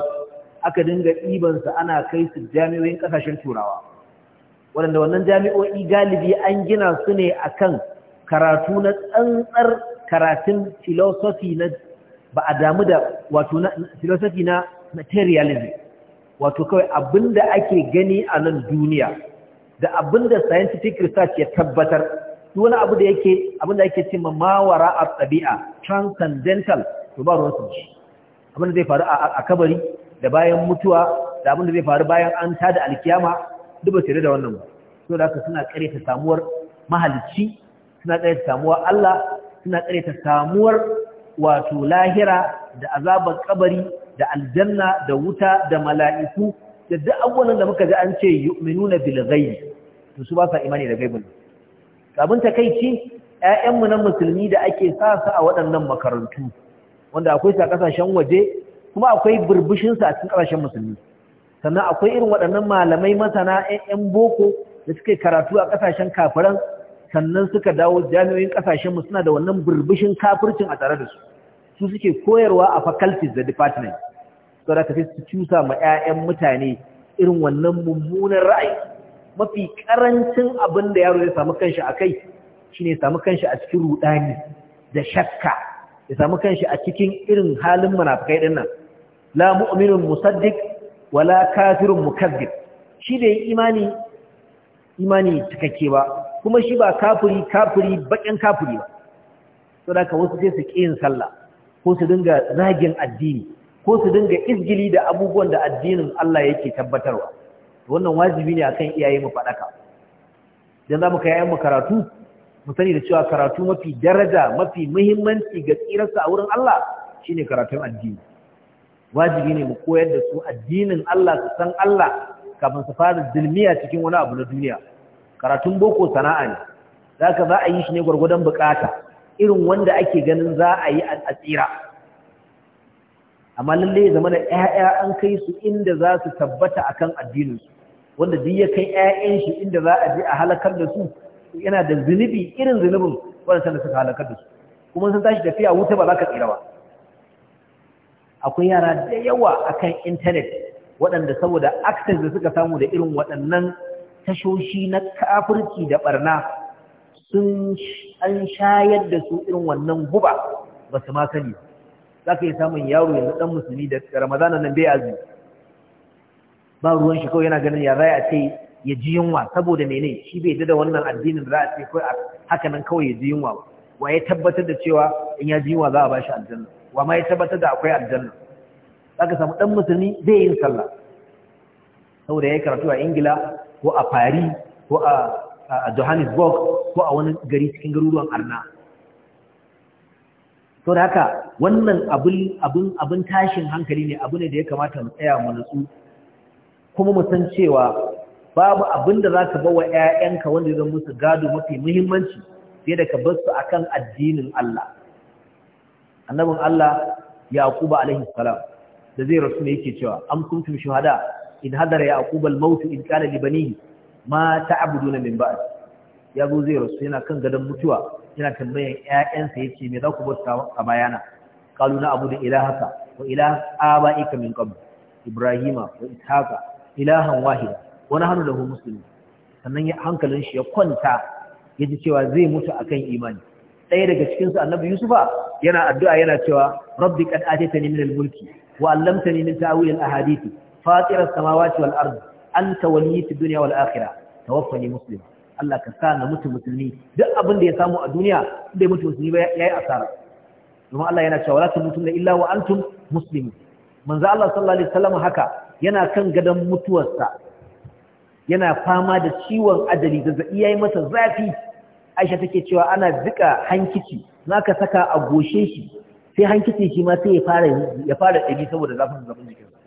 aka dinga ɗibansu ana kai su jami'o'in ƙasashen turawa waɗanda wannan jami'o'i galibi an gina su ne akan karatu na tsantsar karatun philosophy na ba a damu da wato na philosophy na materialism wato kawai abinda ake gani a nan duniya da abinda scientific research ya tabbatar wani abu da yake abinda yake cimma mawara a tsabi'a transcendental to ba ruwan sunci abinda zai faru a kabari da bayan mutuwa da abinda zai faru bayan an tada alkiyama duk ba da wannan ba so da haka suna ta samuwar mahalicci suna ta samuwar Allah suna ta samuwar wato lahira da azabar kabari da aljanna da wuta da mala'iku da duk abubuwan da muka ji an ce yu'minuna bil ghaibi to su ba sa imani da gaibin abin takaici, 'ya'yanmu na musulmi da ake sa su a waɗannan makarantu wanda akwai sa kasashen waje kuma akwai burbushin a cikin kasashen musulmi sannan akwai irin waɗannan malamai masana ƴan boko da suke karatu a kasashen kafiran sannan suka dawo jami'o'in kasashen mu suna da wannan burbushin kafircin a tare da su su suke koyarwa a faculties da department saboda ka fi cusa ma 'ya'yan mutane irin wannan mummunan ra'ayi mafi karancin abin da yaro ya samu kanshi a kai shi ya samu kanshi a cikin rudani da shakka ya samu kanshi a cikin irin halin munafikai din nan la mu'minun musaddiq wala kafirun mukazzib shi da imani imani cikakke ba kuma shi ba kafiri kafiri bakin kafiri ba saboda ka wasu sai su ƙi yin sallah ko su dinga zagin addini ko su dinga izgili da abubuwan da addinin Allah yake tabbatarwa wannan wajibi ne akan iyaye mu fadaka dan zamu kai yayan mu karatu mu sani da cewa karatu mafi daraja mafi muhimmanci ga tsirarsa a wurin Allah shine karatun addini wajibi ne mu koyar da su addinin Allah su san Allah kafin su fara dilmiya cikin wani abu na duniya karatun boko sana'a ne zaka za a yi shi ne gwargwadon bukata irin wanda ake ganin za a yi a tsira amma lalle ya zama da ƴaƴa an kai su inda za su tabbata akan addinin su wanda duk ya kai ƴaƴan shi inda za a je a halakar da su yana da zunubi irin zunubin wanda da suka halakar da su kuma sun tashi tafiya wuta ba za ka tsira ba akwai yara da yawa akan intanet waɗanda saboda access da suka samu da irin waɗannan tashoshi na kafirci da barna sun an shayar da su irin wannan guba ba su ma sani ba za ka yi samun yaro yanzu ɗan musulmi da ramadanan nan bai azumi ba ruwan shi kawai yana ganin ya za ce ya ji yunwa saboda mene shi bai da wannan addinin da za a ce kawai haka nan kawai ya ji yunwa ba wa ya tabbatar da cewa in ya ji yunwa za a ba shi aljanna wa ma ya tabbatar da akwai aljanna za ka samu ɗan musulmi zai yi sallah saboda ya yi karatu a ingila ko a paris ko a johannesburg ko a wani gari cikin garuruwan arna to da haka wannan abin tashin hankali ne abu ne da ya kamata mu tsaya mu nutsu kuma mu san cewa babu abin da za ka bawa ƴaƴanka wanda zai musu gado mafi muhimmanci fiye da ka bar su akan addinin Allah annabin Allah yaquba alaihi salam da zai rasu ne yake cewa am kuntum shuhada in hadara yaquba al-maut in kana libanihi ma ta'buduna min ba'd yazo zai rasu yana kan gadon mutuwa yana tambayan ƴaƴansa yace me za ku bauta a bayana qalu na abudu ilahaka wa ilaha abaika min qabl ibrahima wa ishaqa ilahan wahida wa nahnu lahu muslimun sannan hankalin shi ya kwanta yaji cewa zai mutu akan imani ɗaya daga cikin su annabi yusufa yana addu'a yana cewa rabbi qad atitani min al-mulki wa 'allamtani min ta'wil al-ahadith fatira as-samawati wal-ard anta waliyyi fid-dunya wal-akhirah tawaffani muslima Allah ka sa na mutu musulmi duk abin da ya samu a duniya da ya mutu musulmi ba yi asara domin Allah yana cewa la na illa wa antum muslimun manzo Allah sallallahu alaihi wasallam haka yana kan gadon mutuwarsa yana fama da ciwon ajali zazzabi yi masa zafi Aisha take cewa ana zika hankici zaka saka a goshe shi sai hankici shi ma sai ya fara ya fara dabi saboda zafin zafin jikinsa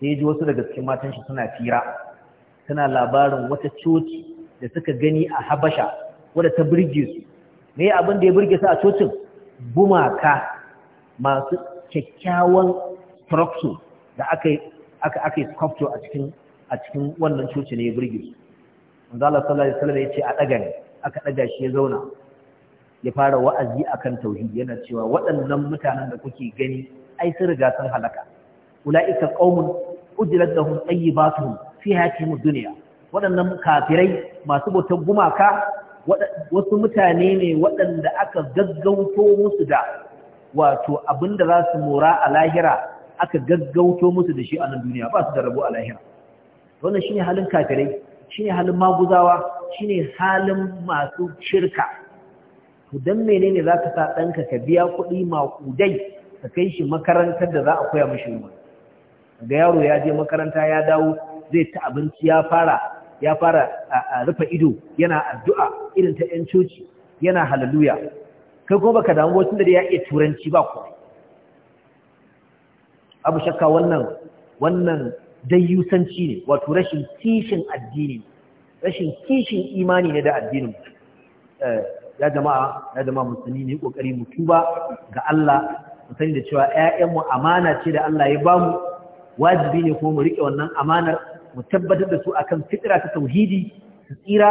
sai ji wasu daga cikin matan shi suna fira tana labarin wata coci da suka gani a habasha wadda ta birge su me abin da ya birge su a cocin gumaka masu kyakkyawan structure da aka aka a cikin a cikin wannan coci ne ya birge su wanda Allah sallallahu alaihi wasallam ya ce a daga ne aka daga shi ya zauna ya fara wa'azi akan tauhidi yana cewa waɗannan mutanen da kuke gani ai sun riga sun halaka ulaika qaumun ujlat lahum tayyibatuhum fi hayatihim dunya waɗannan kafirai masu bautar gumaka wasu mutane ne waɗanda aka gaggauto musu da wato abinda za su mora a lahira aka gaggauto musu da shi a nan duniya ba su da rabo a lahira wannan shine halin kafirai shine halin maguzawa shine halin masu shirka to dan menene zaka sa ɗanka ka biya kuɗi makudai ka kai shi makarantar da za a koya mishi ruwa ga yaro ya je makaranta ya dawo zai ci abinci ya fara ya fara rufe ido yana addu'a irin ta ‘yan coci yana hallelujah kai kuma baka damu wasu da ya iya turanci ba ku abu shakka wannan wannan dayyusanci ne wato rashin kishin addini rashin kishin imani ne da addinin eh, ya jama'a ya jama'a musulmi ne kokari mu tuba ga Allah mu sani da cewa ƴaƴanmu amana ce da Allah ya bamu wajibi ne kuma mu rike wannan amanar mu tabbatar da su akan fitira ta tauhidi su tsira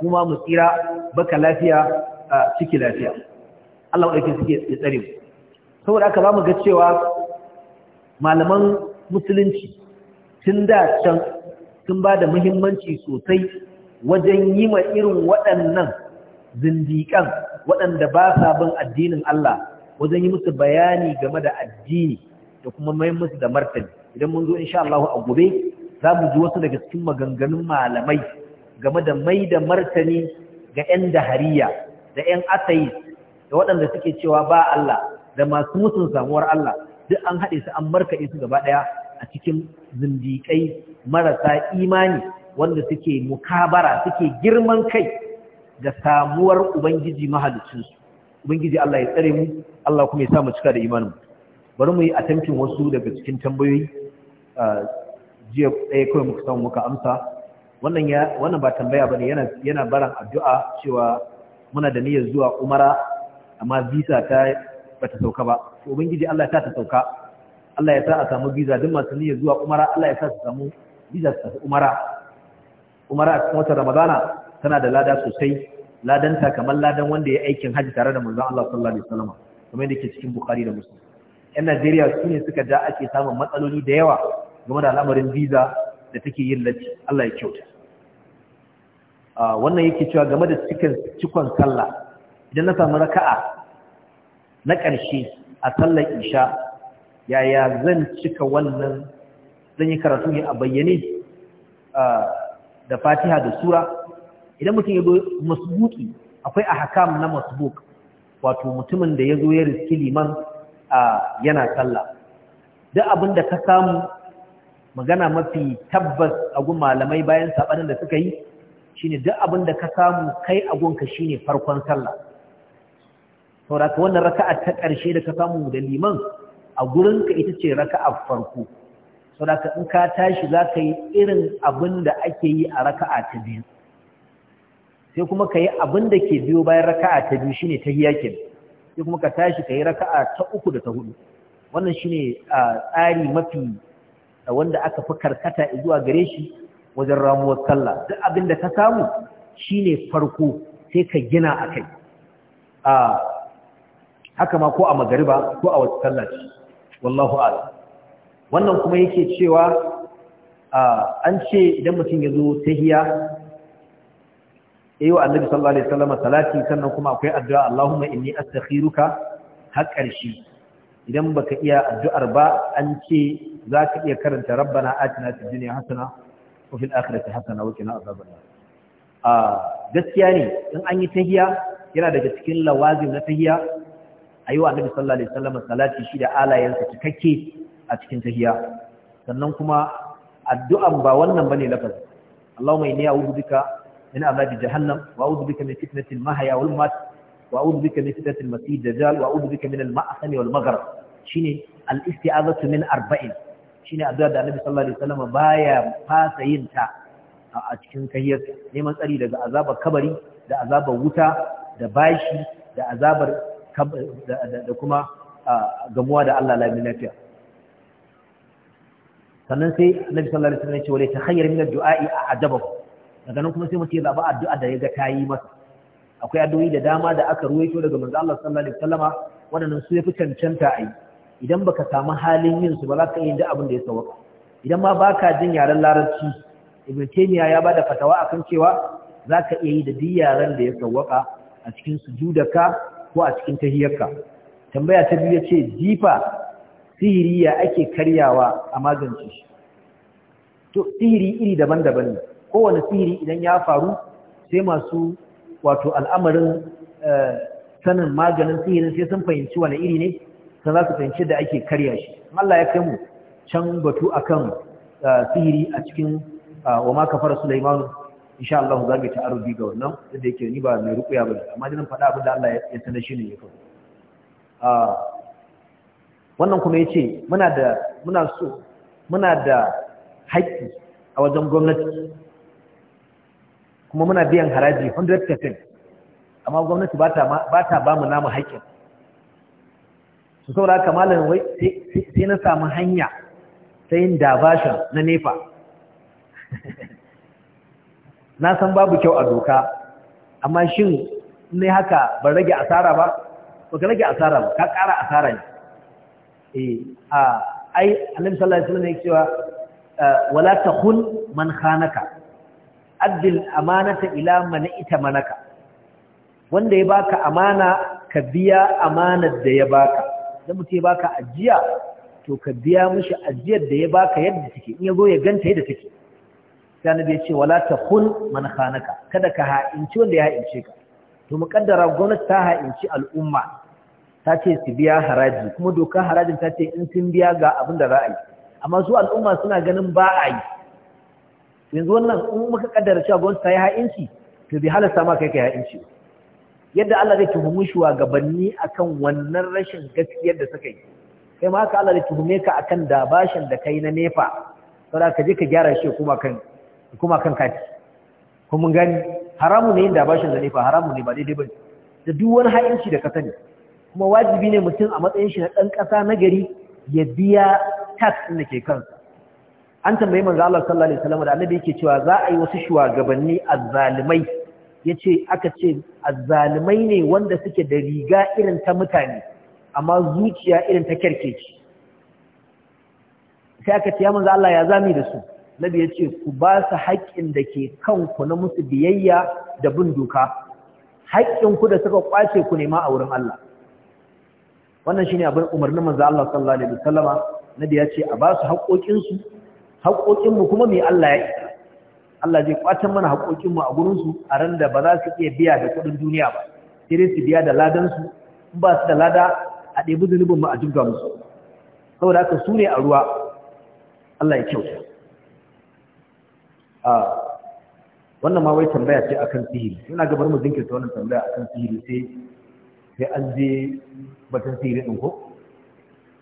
kuma mu tsira baka lafiya a ciki lafiya Allah wadake suke ya tsare mu saboda aka mu ga cewa malaman musulunci tun da can sun ba da muhimmanci sosai wajen yi ma irin waɗannan zindiƙan waɗanda ba sa bin addinin Allah wajen yi musu bayani game da addini da kuma mayan musu da martani idan mun zo insha Allah a gobe za mu ji wasu daga cikin maganganun malamai game da mai da martani ga 'yan dahariya da 'yan atayi da waɗanda suke cewa ba Allah da masu musun samuwar Allah duk an haɗe su an markaɗe su gaba ɗaya a cikin zindiƙai marasa imani wanda suke mukabara suke girman kai ga samuwar Ubangiji mahalicinsu Ubangiji Allah ya tsare mu Allah kuma ya sa mu cika da imanin bari mu yi attempting wasu daga cikin tambayoyi ah, jiya ɗaya kawai muka samu muka amsa wannan ya wannan ba tambaya bane yana yana baran addu'a cewa muna da niyyar zuwa umara amma visa ta bata sauka ba to ubangiji Allah ya ta sauka Allah ya sa a samu visa duk masu niyyar zuwa umara Allah ya sa su samu visa su tafi umara umara a cikin watan Ramadana tana da lada sosai ladanta kamar ladan wanda ya aikin haji tare da manzon Allah sallallahu alaihi wasallam kamar yadda ke cikin Bukhari da Muslim 'yan Najeriya su ne suka ja ake samun matsaloli da yawa game da al'amarin visa da take yin lati Allah ya kyauta wannan yake cewa game da cikin cikon sallah idan na samu raka'a na ƙarshe a sallar isha yaya zan cika wannan zan yi karatu ne a bayyane da fatiha da sura idan mutum ya zo masbuki akwai a hakam na masbuk wato mutumin da ya zo ya riski liman yana sallah duk abin da ka samu magana mafi tabbas a malamai bayan sabanin da suka yi shine duk abin da ka samu kai a gunka shine farkon sallah saboda ka wannan raka'a ta ƙarshe da ka samu da liman a gurinka ita ce raka'a farko saboda in ka tashi za ka yi irin abin da ake yi a raka'a ta biyu sai kuma ka yi abin da ke biyo bayan raka'a ta biyu shine ta hiyakin sai kuma ka tashi ka yi raka'a ta uku da ta hudu wannan shine ah, tsari mafi Da wanda aka fi karkata zuwa gare shi wajen ramuwar sallah duk abin da ka samu shine farko sai ka gina akai a haka ma ko a magariba ko a wata sallah ce wallahu a'lam wannan kuma yake cewa an ce idan mutum ya zo tahiya yayi eh, wa annabi sallallahu alaihi wasallam salati sannan kuma akwai addu'a Allahumma inni astakhiruka har ƙarshe idan baka iya addu'ar ba an ce za ka iya karanta rabbana atina fid dunya hasana wa fil akhirati hasana wa qina azaban nar a gaskiya ne in an yi tahiya yana daga cikin lawazim na tahiya ayi wa annabi sallallahu alaihi wasallam salati shi da alayansa cikakke a cikin tahiya sannan kuma addu'an ba wannan bane lafazi Allahumma inni a'udhu bika min azabi jahannam wa a'udhu bika min fitnatil mahya wal mat wa a'udhu bika min fitnatil masih dajjal wa a'udhu bika min al-ma'asan wal maghrib shine al-isti'azatu min arba'in shine addu'a da Annabi sallallahu alaihi wasallam baya fasa yin ta a cikin kayyar neman tsari daga azabar kabari da azabar wuta da bashi da azabar da kuma gamuwa da Allah lamin lafiya sannan sai Nabi sallallahu alaihi wasallam ya ce wala takhayyar min ad a ajabahu daga nan kuma sai mutum ya zaba addu'a da ya ga tayi masa akwai addu'o'i da dama da aka ruwaito daga manzo Allah sallallahu alaihi wasallama wadannan su yafi cancanta ai idan baka samu halin yin su ba za ka yi da abin da ya sauka idan ma baka jin yaren larabci ibn taymiya ya bada fatawa akan cewa za ka iya yi da duk yaren da ya sauka a cikin sujudaka ko a cikin tahiyyarka tambaya ta biyu ce jifa sihiriya ake karyawa a magance shi to sihiri iri daban-daban ne kowane sihiri idan ya faru sai masu wato al'amarin eh, sanin maganin sihirin sai sun fahimci wani iri ne sun za su fahimci da ake karya shi Allah ya kai mu can batu akan eh, sihiri a cikin eh, wa ma kafar Sulaiman insha Allah za mu ta'arudi ga wannan da yake ni ba mai rukuya ba amma dinin faɗa abin da Allah ya sanar shi ne ya kawo ah, wannan kuma yace muna da muna so muna da haƙƙi a wajen gwamnati kuma muna biyan haraji 100% amma gwamnati ba ta ba mu namu haƙƙin su saura kamalin wai sai na samu hanya ta yin dabashin na nefa *laughs* na san babu kyau a doka amma shin ne haka ban rage asara ba ba ka rage asara ba ka ƙara asara ne eh, a ai annabi sallallahu alaihi wasallam cewa eh, wala takhun man khanaka addil amanata ila man ita manaka wanda ya baka amana ka biya amanar da ya baka idan mutum ya baka ajiya to ka biya mishi ajiyar da ya baka yadda take in yazo ya ganta yadda take sai annabi ya ce wala takhun man khanaka kada ka ha'inci wanda ya ha'ince ka to mukaddara gwamnati ta ha'inci al'umma ta ce su biya haraji kuma dokar harajin ta ce in sun biya ga abin da za a yi amma su al'umma suna ganin ba a yi yanzu wannan in muka kaddara cewa gwamnati ta yi ha'inci to bi halasta ma kai ka ha'inci yadda Allah zai tuhumi shugabanni akan wannan rashin gaskiyar da suka yi kai ma haka Allah zai tuhume ka akan dabashin da kai na nefa saboda ka je ka gyara shi kuma kan kuma kan kati kuma mun gani haramu ne yin dabashin da nefa haramu ne ba daidai ba da duk wani ha'inci da ka sani kuma wajibi ne mutum a matsayin shi na ɗan kasa na gari ya biya tax ɗin da ke kansa an tambayi manzo Allah sallallahu alaihi wasallam da annabi yake cewa za a yi wasu shugabanni azzalimai yace aka ce azzalimai ne wanda suke da riga irin ta mutane amma zuciya irin ta kerkeci sai aka ce ya manzo Allah ya zami da su nabi yace ku ba su haƙƙin da ke kanku na musu biyayya da bin doka haƙƙin ku da suka kwace ku nema a wurin Allah wannan shine abin umarnin manzo Allah sallallahu alaihi wasallama nabi yace a ba su haƙoƙin su haƙoƙinmu kuma mai Allah ya isa Allah zai kwatan mana haƙoƙinmu a gurinsu a ran da ba za su iya biya da kuɗin duniya ba sai dai su biya da ladansu in ba su da lada a ɗebi zunubin a jibga musu saboda haka su ne a ruwa Allah ya kyauta wannan ma wai tambaya ce akan sihiri yana gabar mu jinkirta wannan tambaya akan sihiri sai sai an je batun sihiri ɗin ko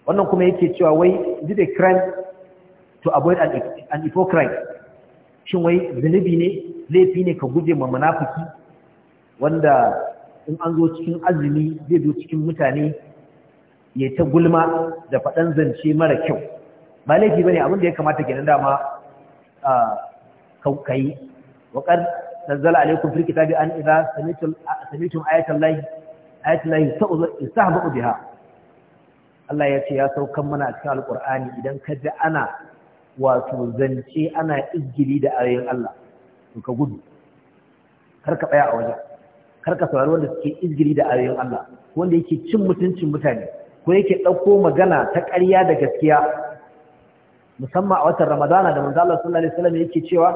wannan kuma yake cewa wai jide crime to avoid an hypocrite shin wai zunubi ne laifi ne ka guje ma munafiki wanda in an zo cikin azumi zai zo cikin mutane ya ta gulma da faɗan zance mara kyau ba laifi bane abin da ya kamata ke kenan dama kai waƙar nazzala alaikum fil kitabi an idza samitum samitum ayatallahi ayatallahi sa'u biha Allah ya ce ya saukan mana a cikin alƙur'ani idan ka ana wato zance ana izgili da ayoyin Allah to ka gudu kar ka tsaya a wajen kar ka saurari wanda suke izgili da ayoyin Allah wanda yake cin mutuncin mutane ko yake dauko magana ta ƙarya da gaskiya musamman a watan Ramadana da manzo Allah sallallahu alaihi wasallam yake cewa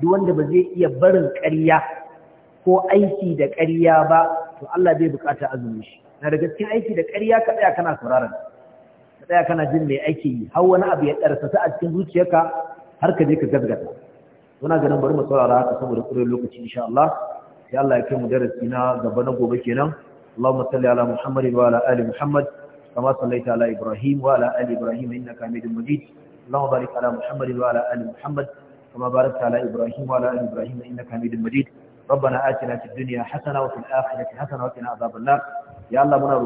duk wanda ba zai iya barin ƙarya ko aiki da ƙarya ba to Allah bai bukata azumin shi na da cikin aiki da ƙarya ka tsaya kana sauraron ka tsaya kana jin me ake yi har wani abu ya karsata a cikin zuciyarka har ka je ka gazgata muna ganin bari mu saurara haka saboda kuren lokaci insha Allah sai Allah ya kai mu darasi na gaba na gobe kenan Allahumma salli ala Muhammad wa ala ali Muhammad kama sallaita ala Ibrahim wa ala ali Ibrahim innaka Hamidum Majid Allahumma barik ala Muhammad wa ala ali Muhammad kama barakta ala Ibrahim wa ala ali Ibrahim innaka Hamidum Majid ربنا آتنا في الدنيا حسنة وفي الآخرة حسنة وقنا عذاب النار يا الله منا